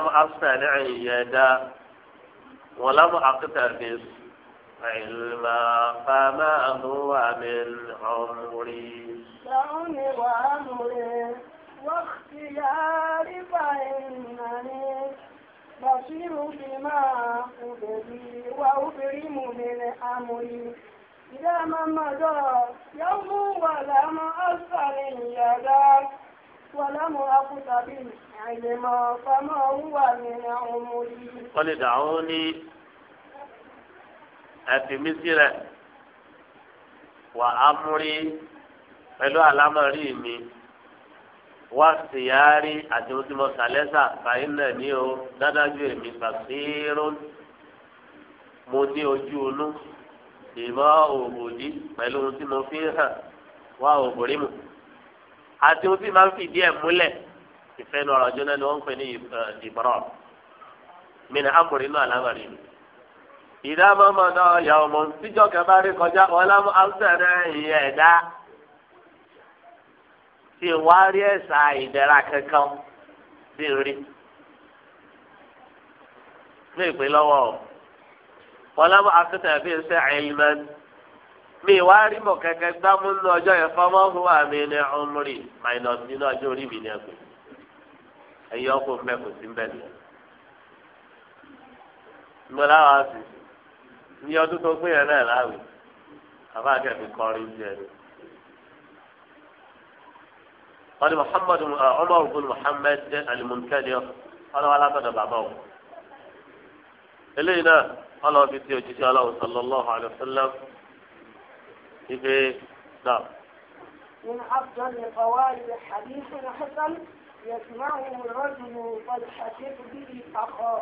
علما فما هو من عمري لعمر أمري واختياري فإنني بصير بما أبدي وأبرم من أمري إذا ما مضى يوم ولم أصل يدا ولم أقتبل علما فما هو من عمري قل دعوني ẹ̀fì mi sílẹ̀ wà á múrí pẹ̀lú àlámọ̀rí mi wá síyáárí àti ohun tí mo sàlẹ́sà fàyín náà ní o dádájú èmi pàṣírò mo ní ojú inú ìmọ̀ òbòdì pẹ̀lú ohun tí mo fi hàn wá òbòrí mu àti ohun tí màá fìdí ẹ̀ múlẹ̀ ìfẹ́ nu jóná ni wọ́n ń pè ní ìbọ̀rọ̀ mí ni á múrí inú mi ìdámọ́mọ́ná yàwùmọ̀ tíjọ́ kẹfà rí kọjá ọlámú àwùsẹ̀rẹ̀ ìyẹn ẹ̀dá tí wá rí ẹ̀sà ìdẹ̀ra kankan sí rí ní ìpè lọ́wọ́ ọlámú àwùsẹ̀rẹ̀ fi ń ẹ̀lmẹ́n mi wá rí mọ̀ kẹ́kẹ́ gbámú ní ọjọ́ yẹn fọmọ́ fún wa mi ní ọmọrì minus nínú ọjọ́ orí mi ní ẹgbẹ́ ẹ̀yọ́ kò mẹ́kùn sí mbẹ́ni. Mo ní ọdún tó gbé yẹn náà láwì àbá akẹ́kọ̀ọ́ kọrin jẹ ni. wọ́n ní muhammadu umar bin muhammad alimunkadi ọlọ́wọ́ alátọ̀dọ̀ bàbá o. eléyìí náà ọlọ́wọ́ fi ti òjíṣẹ́ ọlọ́wọ́ sallallahu alayhi wa sallam ife náà. من أفضل قواعد حديث حسن يسمعه الرجل قد حكيت به أخاه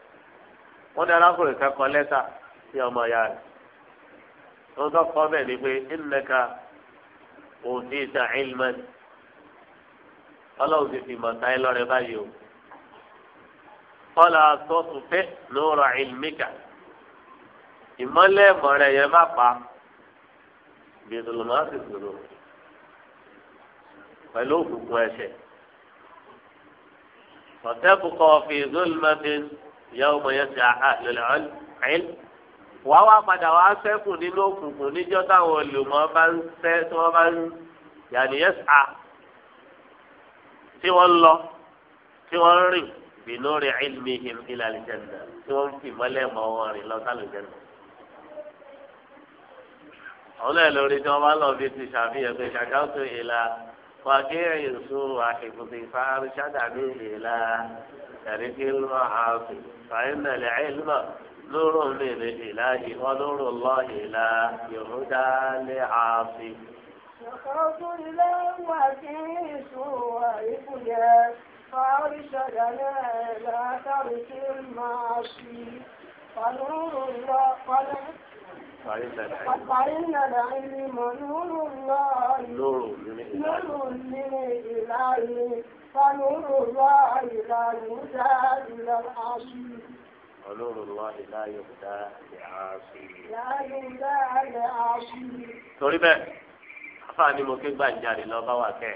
wọ́n ní arákùnrin kan kọ lẹ́tà sí ọmọ ya rẹ̀ tó tọ́ kọ́ bẹ́ẹ̀ ni pé ìnnẹ́ka òtí ìta ilmẹ́n ọlọ́run ti fi mọ̀ta ẹ lọ́rẹ̀ báyìí o kọ́lá sọ́ọ̀tù fẹ́ lóòrọ̀ ìlmíkà ìmọ́lẹ̀ yẹn má pa bìtùlùmọ́sì dúró pẹ̀lú òkùnkùn ẹ̀ṣẹ̀ ọ̀tẹ́kùkọ̀ fi zulmatin yawma yas'a ahlul ilm wà wá padà wá sẹ́kù nínú òkùnkùn níjọ́ táwọn olùmọ̀ bá ń sẹ́ tí wọ́n bá ń yàní yas'a tí wọ́n lọ tí wọ́n rìn bìnnúrì ilmihim ila aljanna tí wọ́n fi mọ́lẹ̀ mọ́ wọn rìn lọ sálùjẹ́nà àwọn náà tí wọ́n bá lọ bí ti ṣàfihàn pé ṣàkàtúntò ìlà. فقيع يسوع حفظ فارشد به إلى ترك المعاصي فإن العلم نور من الإله ونور الله لا يهدى لعاصي. شخص الله وفي سوء فارشدنا إلى ترك المعاصي فنور الله فإن العلم نور الله نور من إله فنور الله لا يهدى إلى العصر ونور الله لا يهدى لعاصي لا يهدى لعاصي torí bẹ́ẹ̀ afa ni mo ké gbàjáde lọ bá wà kẹ́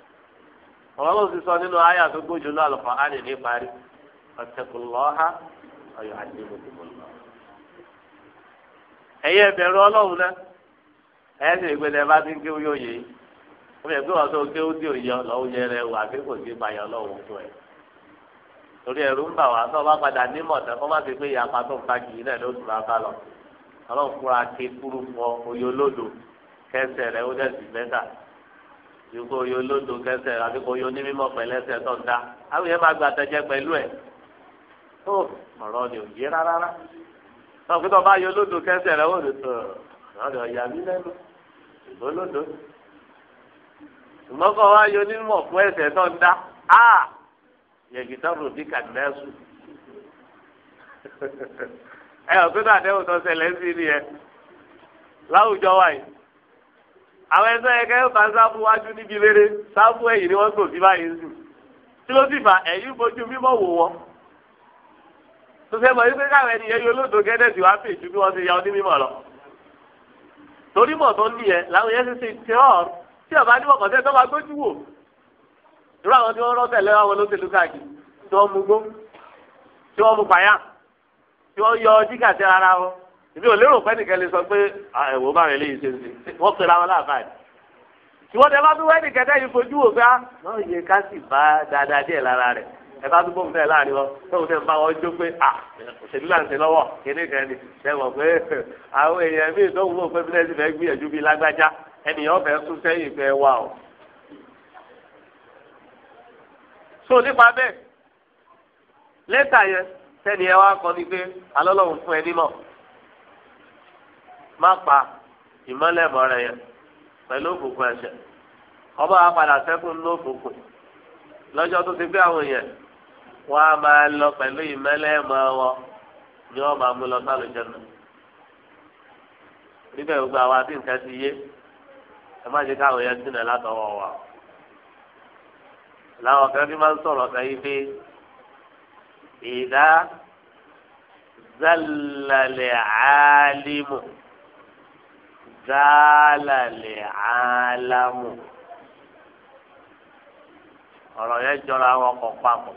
ọ̀rọ̀ ló ti sọ nínú àyà tó gbójú náà lọ́kọ̀ á lè ní parí ọ̀tẹ̀kùnlọ́ha ọ̀yọ̀ àdébòdìbòlọ́. ẹ̀yẹ ìbẹ̀rù ọlọ́run náà ẹ̀yẹ sì gbé lẹ́ẹ̀ bá ti ń kéwú yóò yé o yẹ kí wọ́n tó kéwú tí ò yẹ ọlọ́run rẹ kò sí ọlọ́run ẹ̀. torí ẹ̀rù ń bà wá bá padà nímọ̀ tán kó má ti pé ìyá pàtó yòókù oyè olóńdó kẹsẹ àbí kò oyè onímọ̀ pẹ̀lẹ́sẹ̀ tó ń dá àwọn yẹn máa gba àtẹ̀jẹ́ pẹ̀lú ẹ̀ tó ọ̀rọ̀ ni ò yé rárá tó fi tó bá yọ olóńdó kẹsẹ̀ rẹ̀ wọ́n lè tó ọ̀rọ̀ ọ̀yà mí lẹ́nu ìbò olóńdó ṣùgbọ́n kọ́ wá yọ onímọ̀ fún ẹ̀sẹ̀ tó ń dá a yẹ̀gì tó rò bí kàdínẹ́sù ẹ̀ ọ̀gbẹ́dọ̀ àdéhùn tó ṣẹlẹ̀ sí ni ẹ láwùjọ wáyé àwọn ẹgbẹ́ ẹgbẹ́ yóò bá sáfù wájú níbi rere sáfù ẹ̀yìn ni wọ́n gbò sí báyìí ń sùn tí ló sì fà ẹ̀yìn fojú mímọ́ wò wọ́n. tó ṣe mọ̀ wípé káwọn ènìyàn yóò lòdò gẹ́dẹ̀ sí wàá pè ju bí wọ́n ti ya ọdún mímọ́ lọ. torí mọ̀ tó ní yẹn làwọn yẹn ti ṣe ṣe ọ̀ tí ọ̀bá ní mọ̀kàn tẹ́ tó máa gbójú wò. irú àwọn tí wọ́n rọ́ tẹ̀lé àwọn olóṣèlú káàkiri tí wọ́n mú gbó tí wọ́n mú ìbí ò lérò pé lè sọ pé ah, ẹ̀wò bá rẹ̀ léyìí ṣe ń sè wọ́n pera wọn láàbàdì ìwọ́n tẹ bá tún wẹ́ nìkan tẹ́yìn fojú wò pé ah, náà yẹ ká sì bá dáadáa díẹ̀ lára rẹ̀ ẹ bá tún bóun bẹ́ẹ̀ láàrin wọn tóun tẹ̀ bá wọn jó pé à ah, òṣèlú là ń ṣe lọ́wọ́ kíní ni ṣe mọ̀ pé àwọn èèyàn míì tóun wò pé bílẹ̀sì fẹ́ gbìyànjú bíi lágbájá ẹnìyàn fẹ́ tún sẹ́yìn fẹ́ wà o. so nípa bẹ́ẹ̀ lẹ́tà yẹn sẹ́ni ẹ wá kọ́ ni pé alọ́lọ́run fún ẹ nímọ̀ má pa ìmọ́lẹ̀ mọ́ yẹn pẹ̀lú òkùnkùn ẹ̀ṣẹ̀ ọba wa padà sẹ́kùn ní òkùnkùn lọ́jọ́ tó ti gbé àwọn yẹn wọ́n á máa lọ pẹ̀lú ìmọ́lẹ̀ wọn ni wọ́n máa mú lọ níbẹ̀ gbogbo àwa tí nǹkan ti yé ẹ má ṣe káwọn yẹn sínú ẹ látọwọ́ wa làwọn kan fi máa ń sọ̀rọ̀ zálàlẹ̀ álámù ọ̀rọ̀ yẹn jọra wọn kọ papọ̀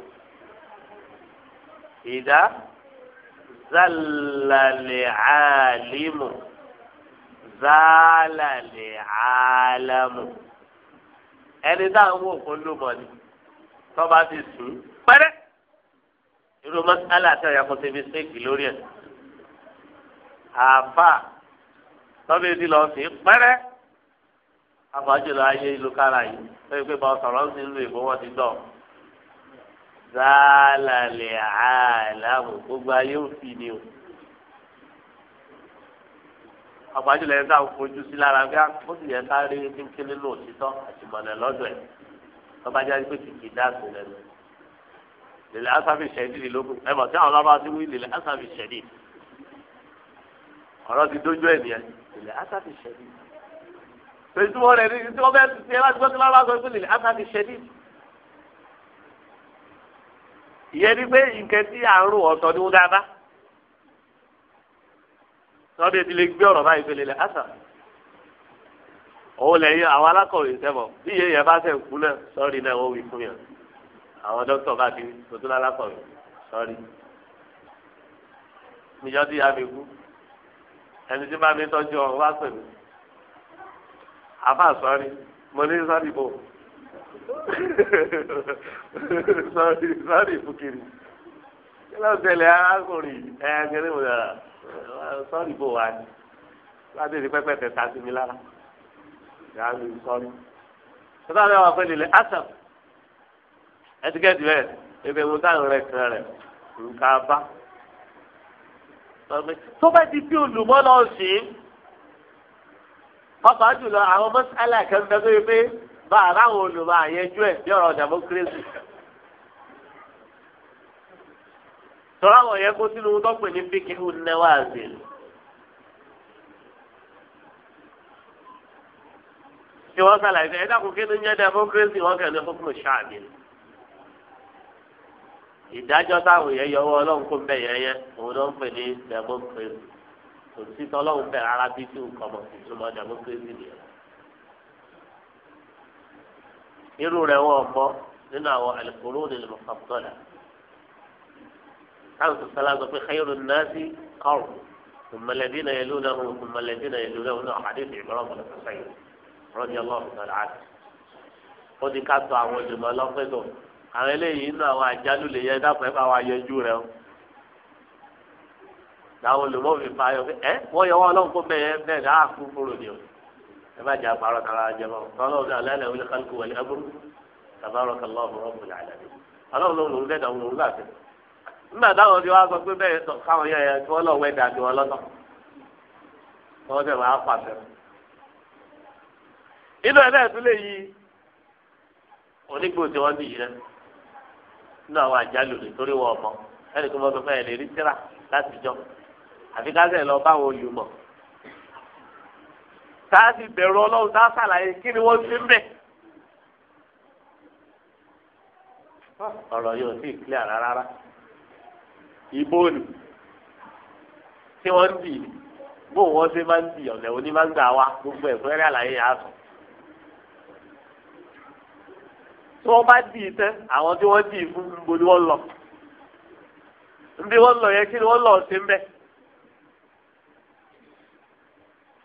ìdá zálàlẹ̀ álímù zálàlẹ̀ álámù ẹni tá à ń wò kó lómọ ni tọ́ba ti sùn pẹ́rẹ́ irú mọ́sálà àti ọ̀yà kò ṣe mistake lórí ẹ̀ lọ́bẹ̀ èdè lọ sí pẹ́rẹ́ àbájọlọ ayé ìlú kára yìí lórí pé báwọn sọ̀rọ̀ sí ìlú èkó wọn ti dọ̀ zálàlẹ̀ àlàmù gbogbo ayé òfin ni o àbájọlọ yẹn táwọn fojú sí lára bí ó sì yẹ ká rí kíkélé lóòtítọ́ àtìmọ́lẹ̀ lọ́dọ̀ ẹ̀ lọ́bàjá pé kìkì dá sí lẹ́nu lèlè asafi sẹ̀dí ni lókun ẹ mọ̀ sí àwọn ọlọ́ba ti wí lèlè asafi sẹ̀dí ọ̀rọ̀ ti dójú ẹ̀ nìyẹn lè asafi ṣẹlí pẹ̀lú rẹ̀ ní tí wọ́n bẹ́ẹ̀ ti ṣe láti gbọ́dọ̀ lára sọ pé lè asafi ṣẹlí. ìyẹn ni pé nǹkan tí à ń rò ọ̀tọ̀ ni wọ́n dá bá wọ́n bẹ ti lè gbé ọ̀rọ̀ báyìí pé lè asa òun lẹ́yìn àwọn alákọ̀wé sẹ́mọ̀ bí iye yẹn bá sẹ̀ kú náà sọ́ọ́rì náà wọ́n wí fún yẹn àwọn dókítà bá ti tó tó lálákọ̀wé sọ́ọ́rì níjọ́ tí yá fi kú ẹni tí bá mi tọ́jú ọ wá pè mí àfa sọ́ọ́rí mo ní sọ́ọ́rí bò sọ́ọ́rí sọ́ọ́rí fúkiri kí ló ń tẹ̀lé arákùnrin ẹ̀ kéré mo dára sọ́ọ́rí bò wá ní láti di pẹ́pẹ́ tẹ̀ ta sí mi lára ìyá mi sọ́ọ́rí sọ́ọ́rí àwọn àwọn afẹ́lẹ́ lẹ́ asam ẹtikẹ́tì rẹ̀ ẹgbẹ́ mo dáhùn rẹ̀ kan rẹ̀ nǹkan bá tó bá di bí olùmọ́ lọ sí pàápàá jùlọ àwọn mọ́sálà kan bẹ́ẹ̀ bẹ́ẹ̀ pé bá aráwọn olùmọ̀ àyẹjú ẹ̀ bí ọ̀rọ̀ democracy. tọ́lá wọ̀ yẹ kó sínú tó pè ní fíkìhù nẹ́wàásì. tí wọ́n sàlàyé ẹ̀ dákun kí ni ń yẹ democracy wọ́n kàn ní fúnfún ṣáàbì ni ìdájọ́ táwọn èèyàn yọ ọwọ́ ọlọ́run kó ń bẹ̀ yẹn yẹn òun ló ń pè ní democracy kò sí tọ́lọ́run bẹ̀ rárá bí tí nǹkan mọ̀ ìtumọ̀ democracy nìyẹn. irú rẹ̀ wọ́n gbọ́ nínú àwọn àlùkòrò nínú mọ̀kàntọ́là táwọn sọ sọlá sọ pé xeyrun nasi kọ́rù mọ̀lẹ́bí náà yẹlú náà mọ̀lẹ́bí náà yẹlú náà náà àdéhùn ìgbọ́ràn mọ̀lẹ́bí náà yẹlú náà àwọn eléyìí nínú àwọn àjálù lè yẹ dápẹ́ bá wa yọjú rẹ o làwọn olùmọ̀ fi fa ẹ wọ́n yọ wọn lọ́wọ́ kó bẹ́ẹ̀ yẹ bẹ́ẹ̀ ah, kú kúrò o ẹ bá jẹ àpárọ̀ tara jẹ mọ́ tọ́lọ́ ní alẹ́ wọlé na wọlé ẹgbẹ́rún tàbárọ̀ kálọ́ ọ̀rọ̀ bùnà àlàyé lòún òun nígbà táwọn sọ pé káwọn yẹ ẹ ju nínú àwọn àjálù nítorí wọn ọmọ ẹnì kan mọ́tò fẹ́ẹ́ lè rí tíra láti jọ àfi kásẹ̀ lọ báwọn olùmọ̀ tá a sì bẹ̀rù ọlọ́run tá a sàlàyé kí ni wọ́n ti ń bẹ̀. ọ̀rọ̀ yóò sì clear rárá ibo ni tí wọ́n ń bì bó wọ́n ṣe máa ń bì ọ̀nà òní máa ń gbà wá gbogbo ẹ̀fọ́ ẹ̀rẹ́ àlàyé yà á sùn. tí wọ́n bá dì í tẹ́ àwọn tí wọ́n dì í fún gbogbo ni wọ́n lọ nbí wọ́n lọ yẹn kí ni wọ́n lọ sí mbẹ́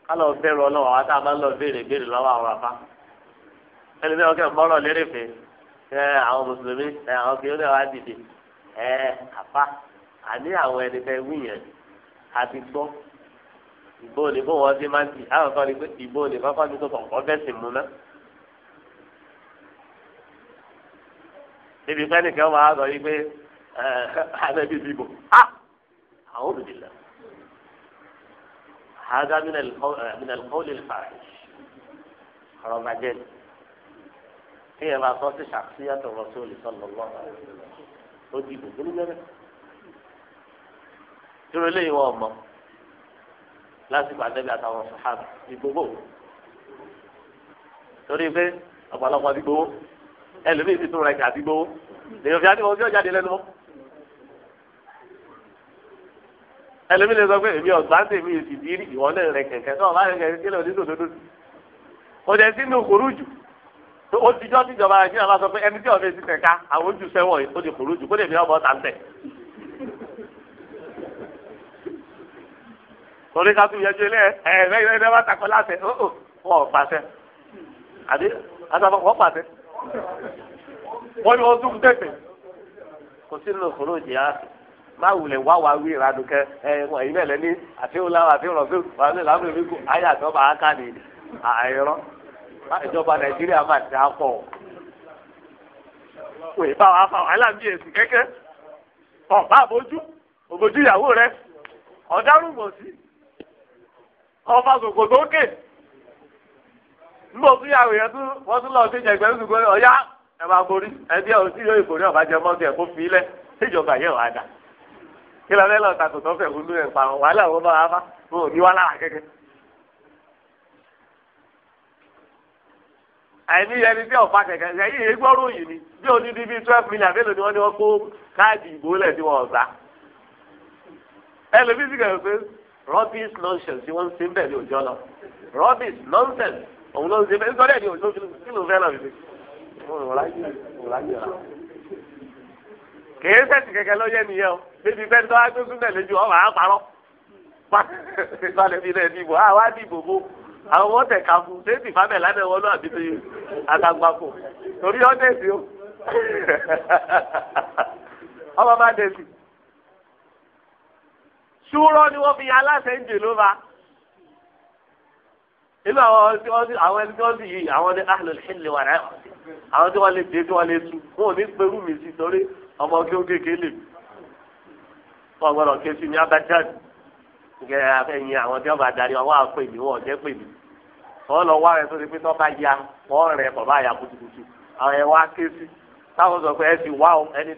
kálọ̀ bẹ̀rù ọlọ́wọ́ àwọn tá a máa ń lọ béèrè béèrè lọ́wọ́ àwọn afá ẹni bí wọ́n kẹ́ ń bọ́rọ̀ lérè pé ẹ àwọn mùsùlùmí ẹ àwọn kìí ní àwọn àdìdì ẹ àfá àní àwọn ẹni fẹ́ wí yẹn àti gbọ́ ìbò ní bó wọ́n ti máa ń di àwọn kan ní pé ìbò ní kọ́kọ́ ní tó kọ̀ọ̀kan bẹ́sìn mú náà. níbi pẹ́ẹ́nìkan máa sọ yìí pé ànábì bíbò á àwọn olùdílà àádá mìnàlùkọ́ọ̀lì fàáyì ọ̀rọ̀ bàjẹ́ kí ẹ máa sọ sí ṣàkíyàtọ̀ rọ́sọ́ọ̀lì sọ̀lọ̀ lọ́wọ́ ó dìbò kí ló bẹ̀rẹ̀ tí ó lè wọ ọmọ lásìkò àtẹ́bí àtàwọn sàhábà ìgbòho torí pé ọ̀pọ̀lọpọ̀ ti ẹlòmíì sì tún rẹ̀ kí àti gbowó lèyìn fìyà ní wọn tí ó jáde lẹ́nu mọ́ ẹlòmíì lè sọ pé èmi ọ̀gbá ń tèmi èsì dìírì ìwọ́n náà rẹ̀ kẹ̀kẹ́ tó ọ̀bá rẹ̀ kẹ̀kẹ́ lọ sí tòdodo kò dẹ̀ sínú kòrújù ó ti jọ́ tíjọba rẹ̀ nígbà máa sọ pé ẹni tí ọ̀fẹ́ ti tẹ̀ka àwọn ojú sẹ́wọ̀n ó di kòrújù kó dẹ̀ mi ọ̀bọ̀ ta ń tẹ̀. torí ká tún yẹjú ilé ẹ̀ ẹ̀ lẹ́yìn lẹ́yìn bá takọ láṣẹ ó ó wọ́n pàṣẹ àbí wọ́n ní wọ́n tún kò sí nínú kòró ìjìyà má wulẹ̀ wá wá wí ìradùnkẹ́ ẹ wọ́n èyí lẹ̀ ní àfihàn àfihàn rọ̀fẹ́ wàá ní làwọn èmi kú ayé àtọ́ba aká àìrọ́ ìjọba nàìjíríà máa dà pọ̀ wò ìbá wa fa wàhálà bí èsì kẹ́kẹ́ ọ̀pá àbójú òbójú ìyàwó rẹ ọ̀dárùn-ún mọ̀ sí ọ̀fà gbogbo gbòógè nígbà tí ìyàwó yẹn tún wọ́n tún lọ sí ìjẹ̀gbẹ́ oṣù gbọ́dọ̀ ọ̀yá ẹ máa borí ẹbí ọ̀hún yóò ìkórè ọ̀bá mọ́tì ẹ̀ kó fi ilẹ̀ síjọba yẹ̀ wá dà kí lọ lẹ́lọ́ tó fẹ̀ wúlú ẹ̀ pa wàhálà wọn bá wá fá wọn ò ní wá lára kẹ́kẹ́. àìní ẹni tí ọ̀fà kẹ̀kẹ́ ẹ̀yìn ìgbọ́rò yìí ni bí òní di bíi twelve million mélòó ni wọ́n ní wọ́n kó káàdì ìbò lẹ̀ tí wọ́n ọ̀sà. ẹlòmísìkẹ̀ rẹ̀ pé rubbish nonsense tí wọ́n ń sin bẹ́ẹ̀ ní òjọ́ lọ rubbish nonsense òun ló ń ṣe nítorí ẹ̀dí òun kí ló fẹ́ náà fi kèé sẹ́sì kẹ̀kẹ́ ló yẹ nìyẹn o bébí fẹ́ tó wá tó lójú ọ̀ máa parọ́ balẹ̀ fi rẹ̀ dìbò àwa dìbò bó àwọn ọmọ tẹ̀ka fún sẹ́sì fábẹ̀ lánàá wọn náà àbí torí ọ́ dẹ̀sí o ọmọ máa dẹ̀sí. ṣúrọ́ ni wọ́n fi aláṣẹ ń jè ló bá inú àwọn tí wọ́n ti àwọn ẹni tí wọ́n ti yìí àwọn ní ahlul hilli wà náà àwọn tí wọ́n lè dé tí wọ́n lè tu wọn ò ní pẹ̀lú mi sí torí ọmọ kéékèèké lè mi wọ́n gbọ́dọ̀ ké sí ní abajad gẹ́ ẹ̀yìn àwọn tí wọ́n bá darí wọn wá pè mí wọn ò jẹ́ pè mí wọ́n lọ wá rẹ tó pé tó bá ya wọ́n rẹ bàbá àyà kutukutu àwọn ẹ̀ wá ké sí táwọn sọ pé ẹ ti wá ẹni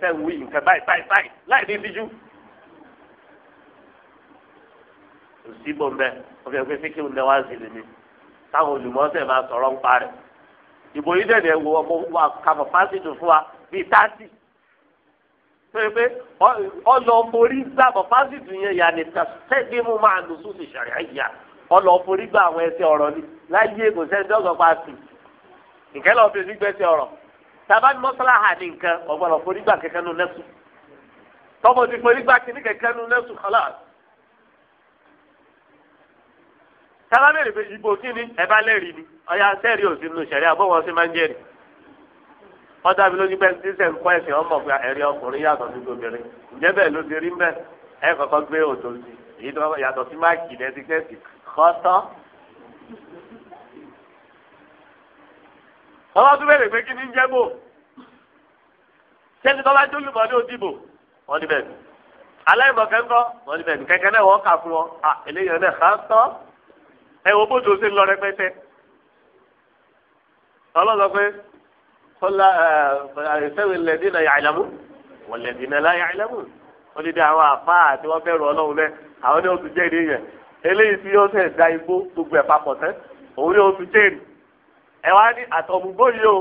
tẹ́ táwọn olùmọ̀ọ́sẹ̀ máa sọ̀rọ̀ ń parẹ́ ìbò yìí dẹ̀dẹ̀ wo ọmọ wa kàmọ̀ fásitì fún wa bíi táàtì pé pé ọlọ forí gbà bọ̀ fásitì yẹn yà ní tẹ̀sí mú máa lò sùn sí sàrẹ̀ àyà ọlọ forí gbà àwọn ẹsẹ̀ ọ̀rọ̀ ni láyé kò sẹ́ńtẹ́ ọ̀gọ́ pa sí ìkẹ́ lọ́ọ́ fi gbẹ́sẹ̀ ọ̀rọ̀ tàbá ní mọ́sálà hà ní nǹkan ọ̀gbọ́n lọ forí gbà kẹ́kẹ́ nù nẹ́sùn tọ́mọ ti forí gbà kẹ́kẹ́ nù nẹ́sùn kọ́lá sábà bẹ̀rẹ̀ pé ibo kí ni ẹ bá lẹ́rìí ni ọ̀yà sẹ́ẹ̀rì ò sí nínú sẹ̀rí àbọ̀wọ̀ sí máa ń jẹ́ ni. wọ́n dábí lójú pé ṣíṣe ń kọ́ ẹ̀sìn ọmọ pé ẹ̀rí ọkùnrin yàtọ̀ sí obìnrin ǹjẹ́ bẹ́ẹ̀ ló ti rí mbẹ́ ẹ kọ́kọ́ gbé òtò sí èyí tó yàtọ̀ sí máàkì lẹ́sìkẹ́sì kọ́tọ́. ọba tún bẹ̀rẹ̀ pé kí ni ń jẹ́ bò sẹ́ni tó bá jólùmọ́ ní òdìbò wọ́n ẹ wo bójú sí lọ rẹpẹtẹ ọlọ́dọ̀ pé kọ́lá ìfẹ́wé lẹ́dínà yàìlámù wọ́n lẹ́dínà lá yàìlámù wọ́n ti di àwọn àfa àti wọ́n bẹ̀rù ọlọ́run náà àwọn ní oṣù jẹ́rì yẹn eléyìí tí yóò fẹ́ da igbó gbogbo ẹ̀ papọ̀ tẹ́ òun ní oṣù jẹ́rì ẹ wá ní àtọ̀mùgbó yìí o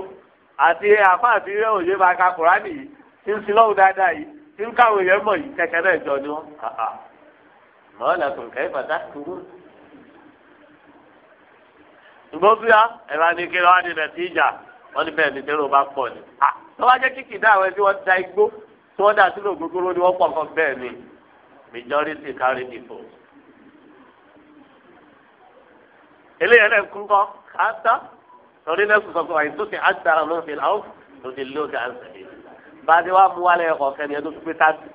àti àfa àti òye máa ka kùránì yìí tí ń sin lọ́wọ́ dáadáa yìí tí ń káwọn èèyàn mọ̀ yìí kẹ̀kẹ́ náà jọ ni wọ́n. mọ́ọ́lá tó ń kẹ́ ṣùgbọ́n bí wa ẹ̀rọ ni kí wọ́n á ní bẹ̀tì ìjà wọ́n ní bẹ́ẹ̀ ni tẹ́lẹ̀ bá pọ̀ ni. tó bá jẹ́ kíkì dá àwọn ẹbí wọn da igbó tí wọ́n dà sílò gbogbo ni wọ́n pọ̀ fún bẹ́ẹ̀ ni majority carry the vote. eléyìí ẹlẹ́ kún kọ́ káàtà torí lẹ́sùn sọ pé àyè tó ti ló ń fi láwù ló ti lóògì àǹsẹ̀ bá a ti wá mú wálé ẹ̀kọ́ kẹ́ni ẹ̀dó fi pé táàtì.